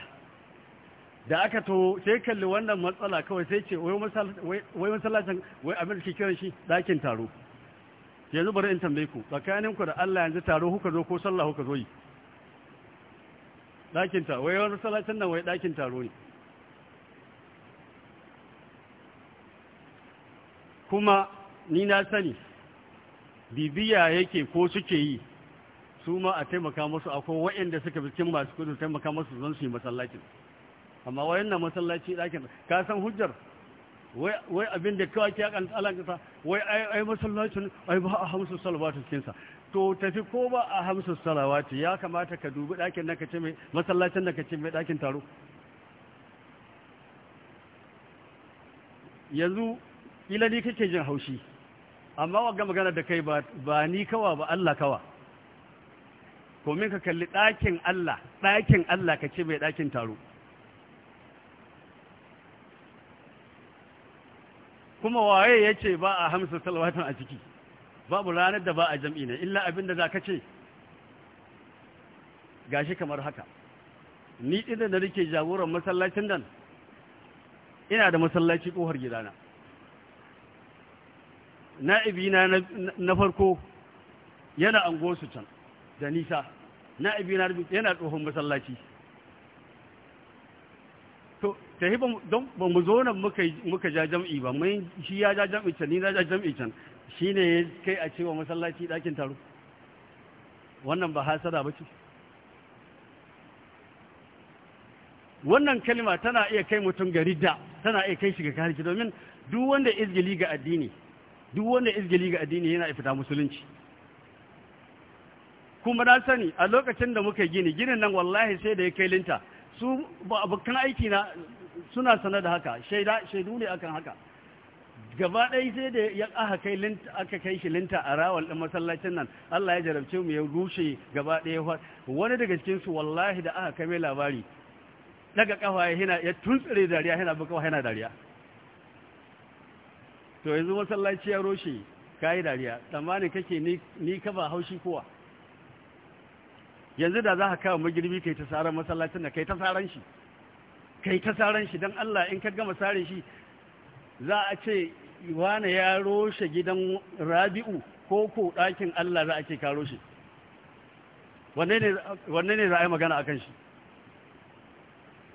da aka to sai kalli wannan matsala kawai sai ce wai masallacin wai abin da ke kiran shi ɗakin taro yanzu bari in tambaye ku tsakanin ku da Allah yanzu taro huka zo ko sallah huka zo yi dakin ta wai wani masallacin nan wai ɗakin taro ne kuma ni na sani bibiya yake ko suke yi su ma a taimaka musu akwai waɗanda suka bikin masu kudu taimaka musu zan su yi masallacin amma wayan na masallaci ɗakin ka san hujjar wai abin da kawai ya kan alakata wai ai masallacin ai ba a hamsu salawatu cikin to tafi ko ba a hamsu salawatu ya kamata ka dubi ɗakin na ka mai masallacin na ka mai ɗakin taro yanzu ila ni kake jin haushi amma waga magana da kai ba ni kawa ba Allah kawa min ka kalli ɗakin Allah ɗakin Allah ka ce mai ɗakin taro kuma waye ya ce ba a hamsa salwatan a ciki babu ranar da ba a jam'i ne illa abin da za ka ce gashi kamar haka ni ɗin da rike jagoran masallacin nan ina da masallaci ƙohar gidana na'ibina na farko yana ango su can da nisa na'ibina yana tsohon masallaci to ta hiba don ba mu zo nan muka ja jam'i ba mai shi ya ja jam'i can ni na ja jam'i can shi ne kai a cewa masallaci ɗakin taro wannan ba hasara ba ce wannan kalma tana iya kai mutum ga ridda tana iya kai shi ga domin duk wanda izgili ga addini duk wanda izgili ga addini yana fita musulunci kuma na sani a lokacin da muka gini ginin nan wallahi sai da ya kai linta su abokan aiki na suna sanar da haka shaidu ne akan haka gaba ɗaya sai da ya aka kai linta aka kai shi linta a rawal din masallacin nan Allah ya jarabce mu ya rushe gaba ɗaya wani daga cikin su wallahi da aka kai mai labari daga kafa ya hina ya tuntsire dariya hina buka yana dariya to yanzu masallaci ya roshe yi dariya tsammanin kake ni ka ba haushi kowa yanzu da za ka kawo magirbi kai ta tsaron masallacin da kai ta tsaron shi kai ta tsaron shi don Allah in ka gama sare shi za a ce wane ya roshe gidan rabi'u ko ko ɗakin Allah za a ce ka roshe wanne ne za a yi magana a kan shi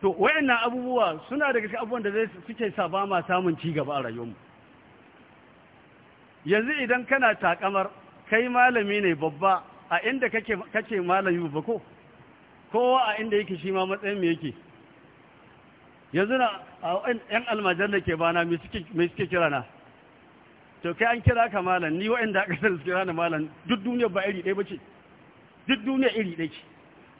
to wayannan abubuwa suna daga cikin abubuwan da suke sa ba ma samun ci gaba a rayuwarmu yanzu idan kana takamar kai malami ne babba a inda kake kace malami babba ko kowa a inda yake shi ma matsayin me yake yanzu na yan almajar da ke bana me suke kira na to kai an kira ka malam ni wa'anda aka san su kira na malam duk duniya ba iri ɗaya ba ce duk duniya iri ɗaya ce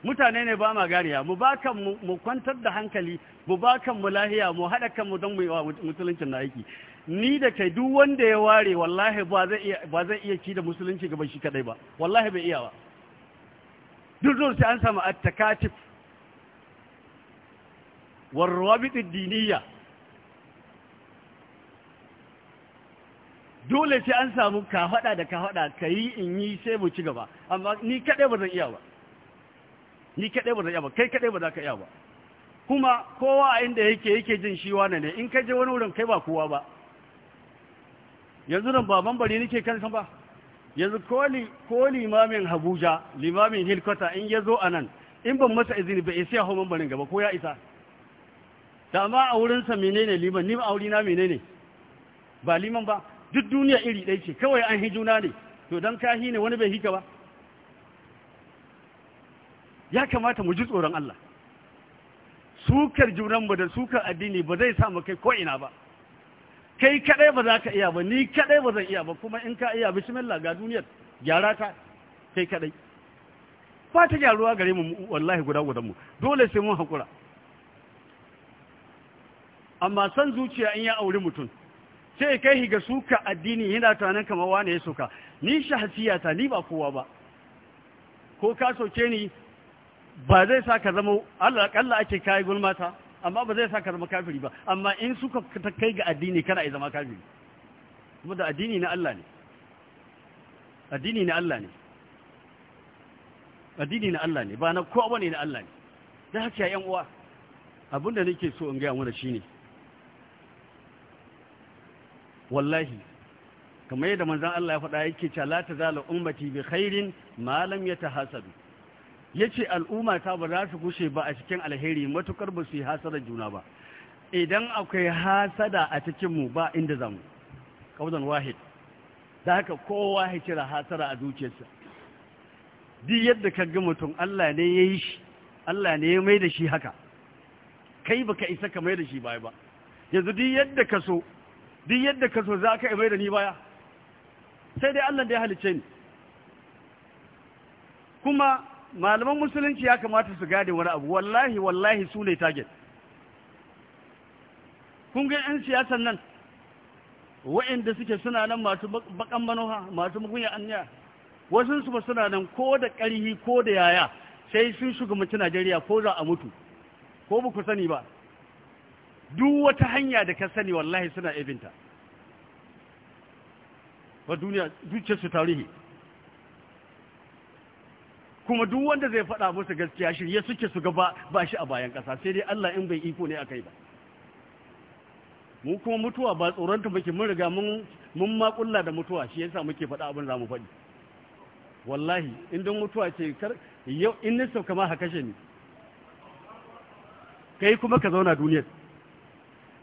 mutane ne ba ma gariya mu baka mu kwantar da hankali mu baka mu lahiya mu haɗa kanmu don mu yi wa musuluncin na aiki ni da kai duk wanda ya ware wallahi ba zai iya ci da musulunci gaban shi kadai ba wallahi bai iya ba duk zuwa sai an samu attakatif warwabitid diniya dole sai an samu ka da ka ka yi in yi sai mu ci gaba amma ni kadai ba zan iya ba ni kaɗai ba za ba kai kaɗai ba za ka iya ba kuma kowa a inda yake yake jin shi wane ne in ka je wani wurin kai ba kowa ba yanzu nan ba mambari nake kansa ba yanzu ko limamin Habuja limamin Hilkota in ya zo a nan in ban masa izini ba isa hau mambarin gaba ko ya isa da ma a wurinsa menene liman ni auri na menene ba liman ba duk duniya iri ɗaya ce kawai an hijuna ne to don kahi ne wani bai hika ba ya kamata mu ji tsoron Allah sukar junanmu da sukar addini ba zai sa kai ko ina ba kai kadai ba za ka iya ba ni kadai ba zan iya ba kuma in ka iya bismillah ga duniyar gyara ta kai kadai ba ta gyaruwa gare mu wallahi guda guda mu dole sai mun hakura amma san zuciya in ya auri mutum sai kai ga suka addini yana tunanin kamar wane ya suka ni shahsiyata ni ba kowa ba ko ka soke ni ba zai sa ka zama Allah kalla ake kai gulmata amma ba zai sa ka zama kafiri ba amma in suka ta kai ga addini kana ai zama kafiri kuma da addini na Allah ne addini na Allah ne addini na Allah ne ba na kowa bane na Allah ne da haka yan uwa abinda nake so in ga yan wani shine wallahi kamar yadda manzon Allah ya faɗa yake cha la tazalu ummati bi khairin ma lam yatahasabu ya ce al'umma ta ba za su gushe ba a cikin alheri matukar ba su yi hasarar juna ba idan akwai hasada a cikinmu ba inda za mu ƙaunar wahid za ka kowa ya cira hasara a zuciyarsa duk yadda ka ga mutum Allah ne ya yi shi Allah ne ya mai da shi haka kai baka isa ka mai da shi baya ba yanzu duk yadda ka so duk yadda ka so za ka mai da ni baya sai dai Allah da ya halicce ni kuma malaman musulunci ya kamata su gade wani abu wallahi wallahi su ne target kun ga 'yan siyasan nan wa'inda suke suna nan masu bakan manoha masu mugunya anya wasu su ba suna nan ko da ƙarhi ko da yaya sai sun shugabanci Najeriya ko za a mutu ko ba ku sani ba duk wata hanya da ka sani wallahi suna ibinta ba duniya su tarihi kuma duk wanda zai faɗa musu gaskiya shirye suke su gaba ba shi a bayan ƙasa sai dai Allah in bai iko ne a kai ba mu kuma mutuwa ba tsoronta muke mun riga mun mun makulla da mutuwa shi yasa muke faɗa abin za mu faɗi wallahi in dan mutuwa ce kar yau in ni sauka ma haka ni kai kuma ka zauna duniyar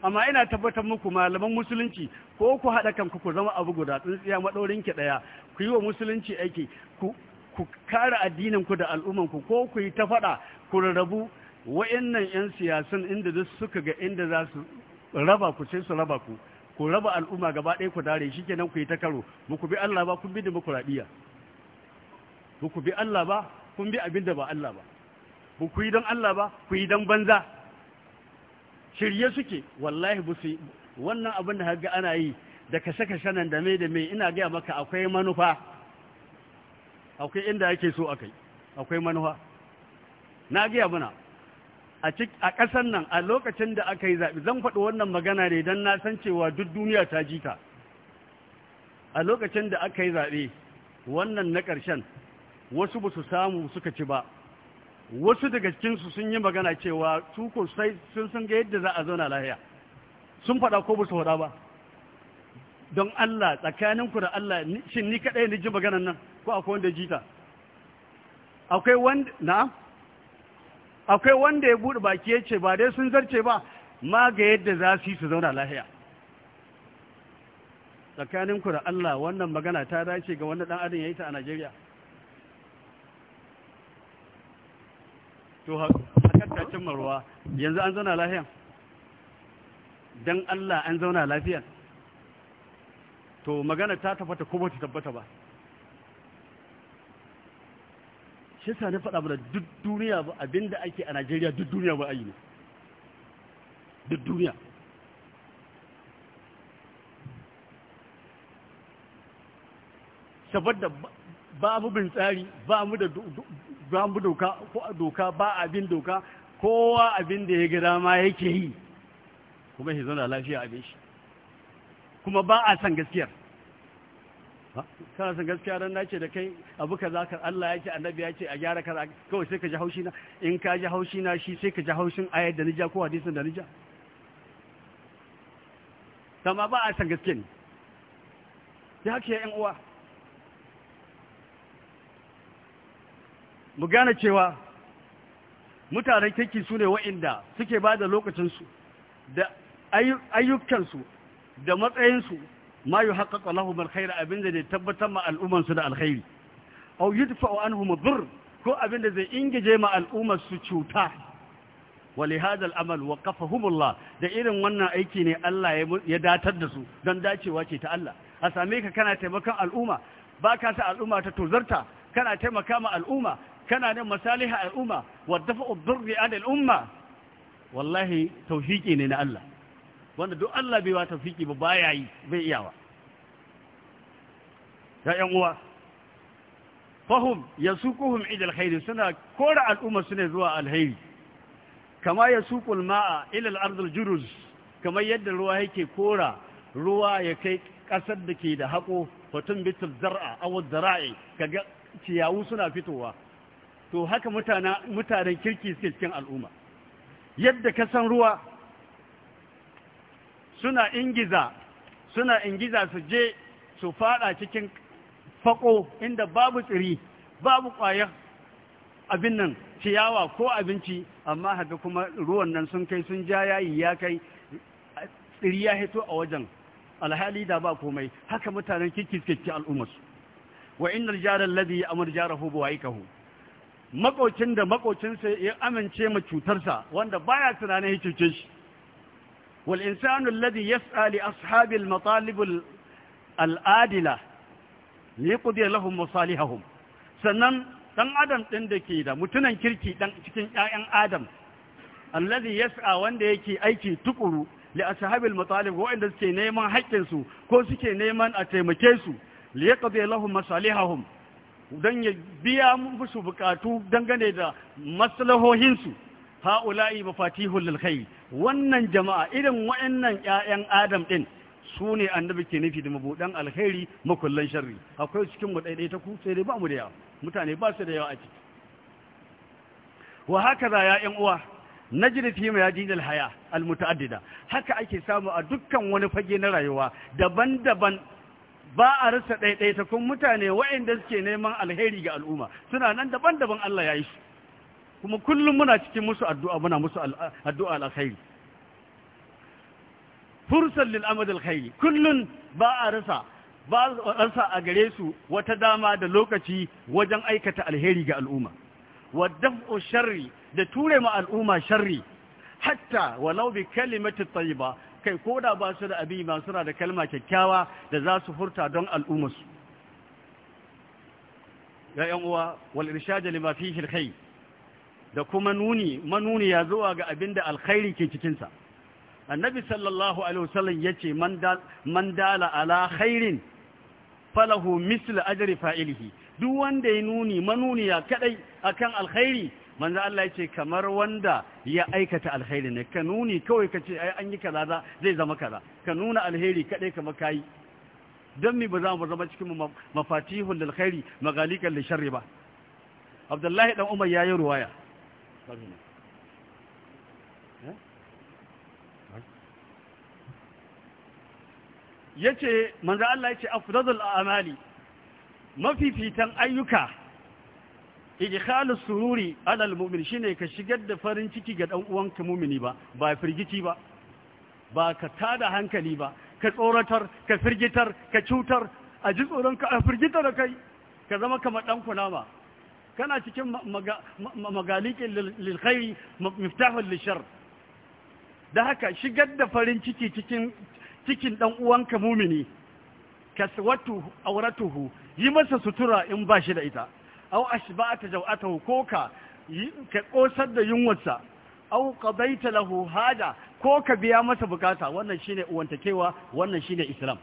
amma ina tabbatar muku malaman musulunci ko ku haɗa kanku ku zama abu guda tsintsiya maɗaurin ki ɗaya ku yi wa musulunci aiki ku. ku kare addininku da al'ummanku ko ku yi ta faɗa ku rarrabu wa'annan 'yan siyasan inda duk suka ga inda za su raba ku sai su raba ku ku raba al'umma gaba ɗaya ku dare shi kenan ku yi ta karo muku bi Allah ba kun bi demokuraɗiyya muku bi Allah ba kun bi abin da ba Allah ba ba ku yi don Allah ba ku yi don banza shirye suke wallahi ba su wannan abin da haga ana yi da kashe-kashe nan da mai da mai ina gaya maka akwai manufa akwai inda ake so akai akwai manuwa. na giya muna a kasan nan a lokacin da aka yi zaɓe zan faɗi wannan magana ne don na san cewa duk duniya ta ji ta a lokacin da aka yi zaɓe wannan na ƙarshen wasu ba su samu suka ci ba wasu daga cikinsu sun yi magana cewa su ko sai sun san ga yadda za a zauna lahiya sun faɗa ko ba su faɗa ba don Allah tsakaninku da Allah shin ni kaɗai ni ji maganar nan ko akwai wanda jita akwai wanda na akwai wanda ya buɗe baki ya ce ba dai sun zarce ba ma ga yadda za su yi su zauna lahiya tsakaninku da Allah wannan magana ta dace ga wanda ɗan adam ya yi ta a Najeriya to cin marwa yanzu an zauna lahiya don Allah an zauna lafiya to magana ta tafata kuma ta tabbata ba shi sa na faɗa mana duk duniya ba abinda ake a najeriya duk duniya ba ayi ne duk duniya saboda ba mu bin tsari ba mu da doka ko doka ba abin doka kowa abin da ya gida ma yake yi kuma shi zauna lafiya abin shi kuma ba a san gaskiyar kawai san gaskiya ran nace da kai abu za ka Allah ya ce annabi ce a gyara kaza kawai sai ka ji haushi na in ka ji haushi na shi sai ka ji haushin ayar da nija ko hadisin da nija kama ba a san gaske ne ya haka ya yan uwa mu gane cewa mutanen kirki su ne wa'inda suke ba da lokacinsu da ayyukansu da matsayinsu ma yi haƙaƙa lahum alkhairi abin da tabbatar ma al'umman da alkhairi au yudfa'u anhum dhur ko abin da zai ingije ma al'ummar su cuta wali hadal amal waqafahumullah da irin wannan aiki ne Allah ya datar da su don dacewa ce ta Allah a same ka kana taimakon al'umma baka sa al'umma ta tozarta kana taimaka ma al'umma kana da masaliha al'umma wa dafa'u dhurri anil al'umma? wallahi tawfiqi ne na Allah wanda duk Allah bai wata fiki ba baya yi bai iyawa ya yan uwa fahum yasuquhum ila alkhair suna kora al'umma suna zuwa alkhairi kama yasuqul ma'a ila ilal ard kama yadda ruwa yake kora ruwa ya kai kasar da ke da haƙo fatun bitul zar'a aw zara'i kaga ciyawu suna fitowa to haka mutanen kirki suke cikin al'umma yadda ka san ruwa suna ingiza suna ingiza su je su fada cikin fako inda babu tsiri babu ƙwayar abin nan ciyawa ko abinci amma haka kuma ruwan nan sun kai sun ja yayi ya kai tsiri ya hito a wajen alhali da ba komai haka mutanen kikiskikki su wa innal jaral ladhi amr jarahu biwaikahu makocin da makocinsa ya amince ma cutarsa wanda baya tunanin ya cuce shi والإنسان الذي يسعى لأصحاب المطالب الآدلة ليقضي لهم مصالحهم sannan ɗan adam ɗin da ke da mutunan kirki ɗan cikin ‘ya'yan adam allazi yas'a wanda yake aiki tukuru li ashabil matalib waɗanda suke neman haƙƙinsu ko suke neman a taimake su li yaqdi lahum masalihahum dan ya biya musu bukatu dangane da maslahohinsu ha'ula'i mafatihul lil wannan jama'a irin wayannan ƴaƴan adam ɗin su ne annabi ke nufi da mabuɗan alkhairi makullan sharri akwai cikin mu daidai ta ku sai dai ba mu da yawa mutane ba su da yawa a ciki wa haka za ya ƴan uwa najri fi mayajid alhaya almutaaddida haka ake samu a dukkan wani fage na rayuwa daban-daban ba a rasa ɗaiɗaitakun mutane wa'inda suke neman alheri ga al'umma suna nan daban-daban Allah ya yi su kuma kullum muna cikin musu addu'a muna musu addu'a alkhairi Fursar lil amad alkhairi ba a rasa ba a rasa a gare su wata dama da lokaci wajen aikata alheri ga al'umma wa daf'u sharri da ture ma al'umma sharri hatta walau bi kalimati ba kai koda ba su da abi ma suna da kalma kyakkyawa da za su furta don al'umma ya yan uwa wal irshad lima fihi alkhair da kuma nuni manuniya zuwa ga abin da alkhairi ke cikinsa annabi sallallahu alaihi wasallam ya ce man dala ala khairin falahu mislu ajri fa'ilihi duk wanda ya nuni manuniya kadai akan alkhairi manzo Allah yace kamar wanda ya aikata alkhairi ne ka nuni kawai kace ce ai an yi kaza zai zama kaza ka nuna alheri kadai kamar kai don mi ba za mu zama cikin mafatihun lil khairi magalikan lil sharri ba Abdullahi dan Umar yayi ruwaya فضل yace manzan Allah yace afdalul a'mali mafifitan ayyuka idkhalu sururi ala almu'min shine ka shigar da farin ciki ga dan uwanka mu'mini ba ba firgici ba ba ka tada hankali ba ka tsoratar ka firgitar ka cutar a ji tsoron ka a firgitar da kai ka zama kamar dan kunama kana cikin magalikin lilkhairi miftahun lishar da haka shigar da farin ciki cikin cikin dan uwanka mumini kaswatu auratuhu yi masa sutura in ba shi da ita aw ashba'ata jaw'atahu ko ka ka kosar da yunwarsa aw qadaita lahu haja ko ka biya masa bukata wannan shine uwantakewa wannan shine islam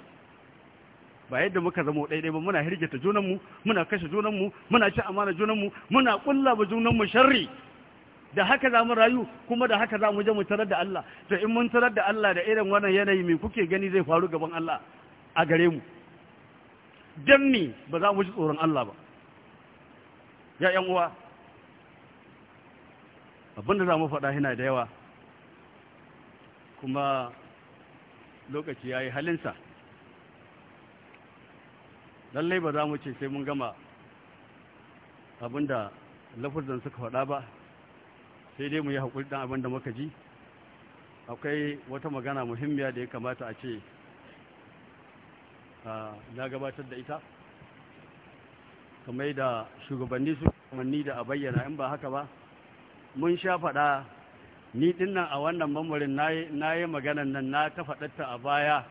ba yadda muka zama ɗaiɗai ba muna hirgita junanmu muna kashe junanmu muna ci amana junanmu muna ƙulla ba junanmu sharri da haka za mu rayu kuma da haka za mu je mu tarar da Allah to in mun tarar da Allah da irin wannan yanayi mai kuke gani zai faru gaban Allah a gare mu dan ni ba za mu ji tsoron Allah ba ya yan uwa abin da za mu faɗa yana da yawa kuma lokaci ya yi halinsa lallai ba za mu ce sai mun gama abinda lafuzan suka faɗa ba sai dai mu yi haƙuri ɗan abinda muka ji akwai wata magana muhimmiya da ya kamata a ce na gabatar da ita kamar da shugabanni su kamanni da a bayyana in ba haka ba mun sha faɗa ni dinnan a wannan mamurin na yi maganan nan na ta faɗatta a baya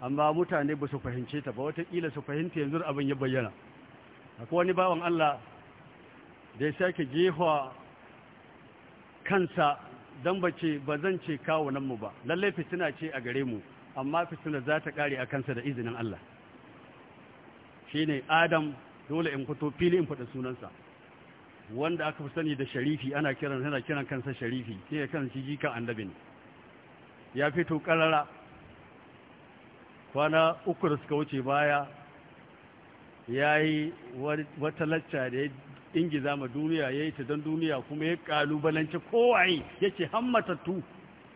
amma mutane ba su fahimce ta ba watakila su fahimta yanzu abin ya bayyana akwai wani bawan Allah da ya sake jefa kansa don ba ce ba zan ce mu ba lallai fitina ce a gare mu amma fitina za ta kare a kansa da izinin Allah shi ne adam dole in fito fili in faɗa sunansa wanda aka fi sani da sharifi ana kiran kiran kansa sharifi sai ya kan shi jikan annabi ya fito ƙarara kwana uku da suka wuce baya ya yi wata lacca da ya ingiza ma duniya ya yi ta don duniya kuma ya kalubalanci kowaye ya ce hammatattu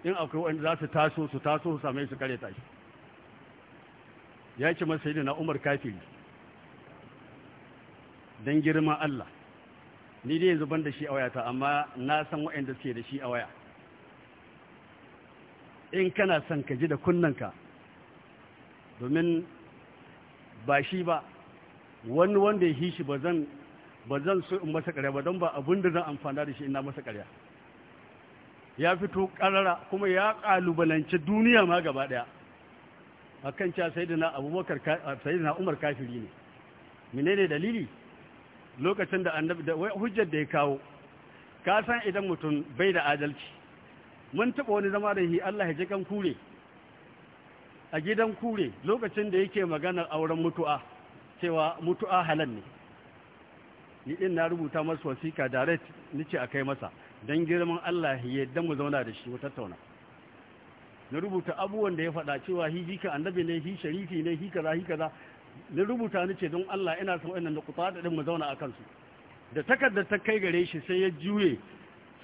in akwai wanda za su taso su taso su same su kare tashi ya ce masa yi na umar kafiri don girma Allah ni dai yanzu ban da shi a wayata amma na san waɗanda suke da shi a waya in kana son ka ji da kunnanka domin ba shi ba wani wanda ya hishi ba zan ba zan so in masa ƙarya ba don ba abin da zan amfana da shi ina masa ƙarya ya fito ƙarara kuma ya ƙalubalance duniya ma gaba ɗaya a kan cewa sayidina abubakar sayidina umar kafiri ne menene dalili lokacin da annabi da hujjar da ya kawo ka san idan mutum bai da adalci mun taɓa wani zama da shi Allah ya ji kan kure a gidan kure lokacin da yake maganar auren mutu'a cewa mutu'a halal ne ni din na rubuta masa wasika direct nace a kai masa dan girman Allah ya yadda mu zauna da shi mu tattauna na rubuta abubuwan da ya faɗa cewa hi jika annabi ne hi sharifi ne hi kaza hi kaza na rubuta ni ce don Allah ina son wannan nukuta da din mu zauna akan su da takardar ta kai gare shi sai ya juye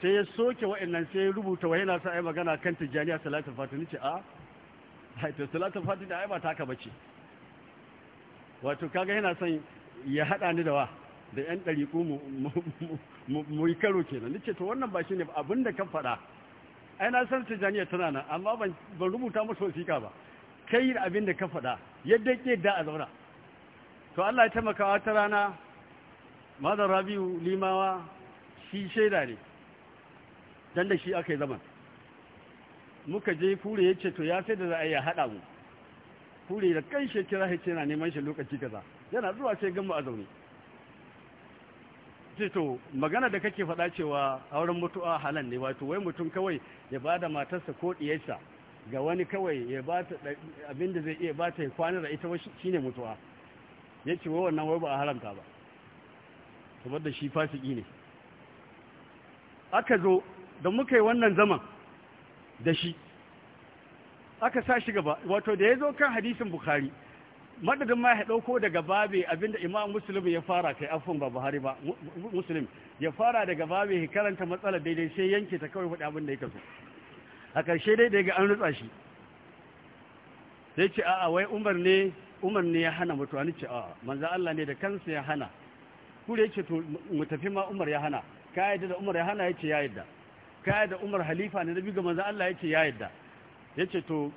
sai ya soke wa'annan sai ya rubuta wa yana sa ai magana kan tijaniya salatul ni ce a to Fati da aiba ba kaba ce wato kaga yana son ya hada ni da wa da yan dariku mu mu yi karo kenan nace to wannan ba shi ne abin abinda kan faɗa ai na san tijaniya tana nan amma ban rubuta masa wasiƙa ba kai da abinda ka faɗa yadda ke da a zauna to Allah ya taimaka ta rana mazan Rabiu Limawa shi shaida ne dan da shi aka yi zaman muka je fure ya ce to ya sai da za a iya haɗa mu Fure da kan shi kira ce yana neman shi lokaci kaza yana zuwa sai gama a zaune ce to magana da kake faɗa cewa auren mutu'a halan ne wato wai mutum kawai ya ba da matarsa ko ɗiyarsa ga wani kawai ya ba ta abin da zai iya ba ta ya kwana da ita shine mutu'a ya ce wai wannan wai ba a haramta ba kamar shi fasiki ne aka zo da muka yi wannan zaman da shi aka sa shi gaba wato da ya zo kan hadisin bukhari madadin ma ya dauko daga babe abinda imam muslim ya fara kai afon ba buhari ba muslim ya fara daga babe ya karanta matsalar daidai sai yanke ta kawai faɗi abinda ya kaso a ƙarshe dai daga an rutsa shi sai ce a'a wai umar ne umar ne ya hana mutuwa ni ce a'a manzan allah ne da kansa ya hana kure ce to mu tafi ma umar ya hana ka yadda da umar ya hana ya ce ya yadda kaya da umar halifa ne nabi ga manzo Allah yake ya yadda yace to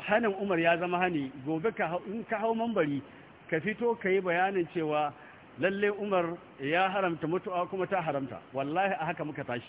hanin umar ya zama hani gobe ka in ka hau mambari ka fito ka yi bayanin cewa lalle umar ya haramta mutuwa kuma ta haramta wallahi a haka muka tashi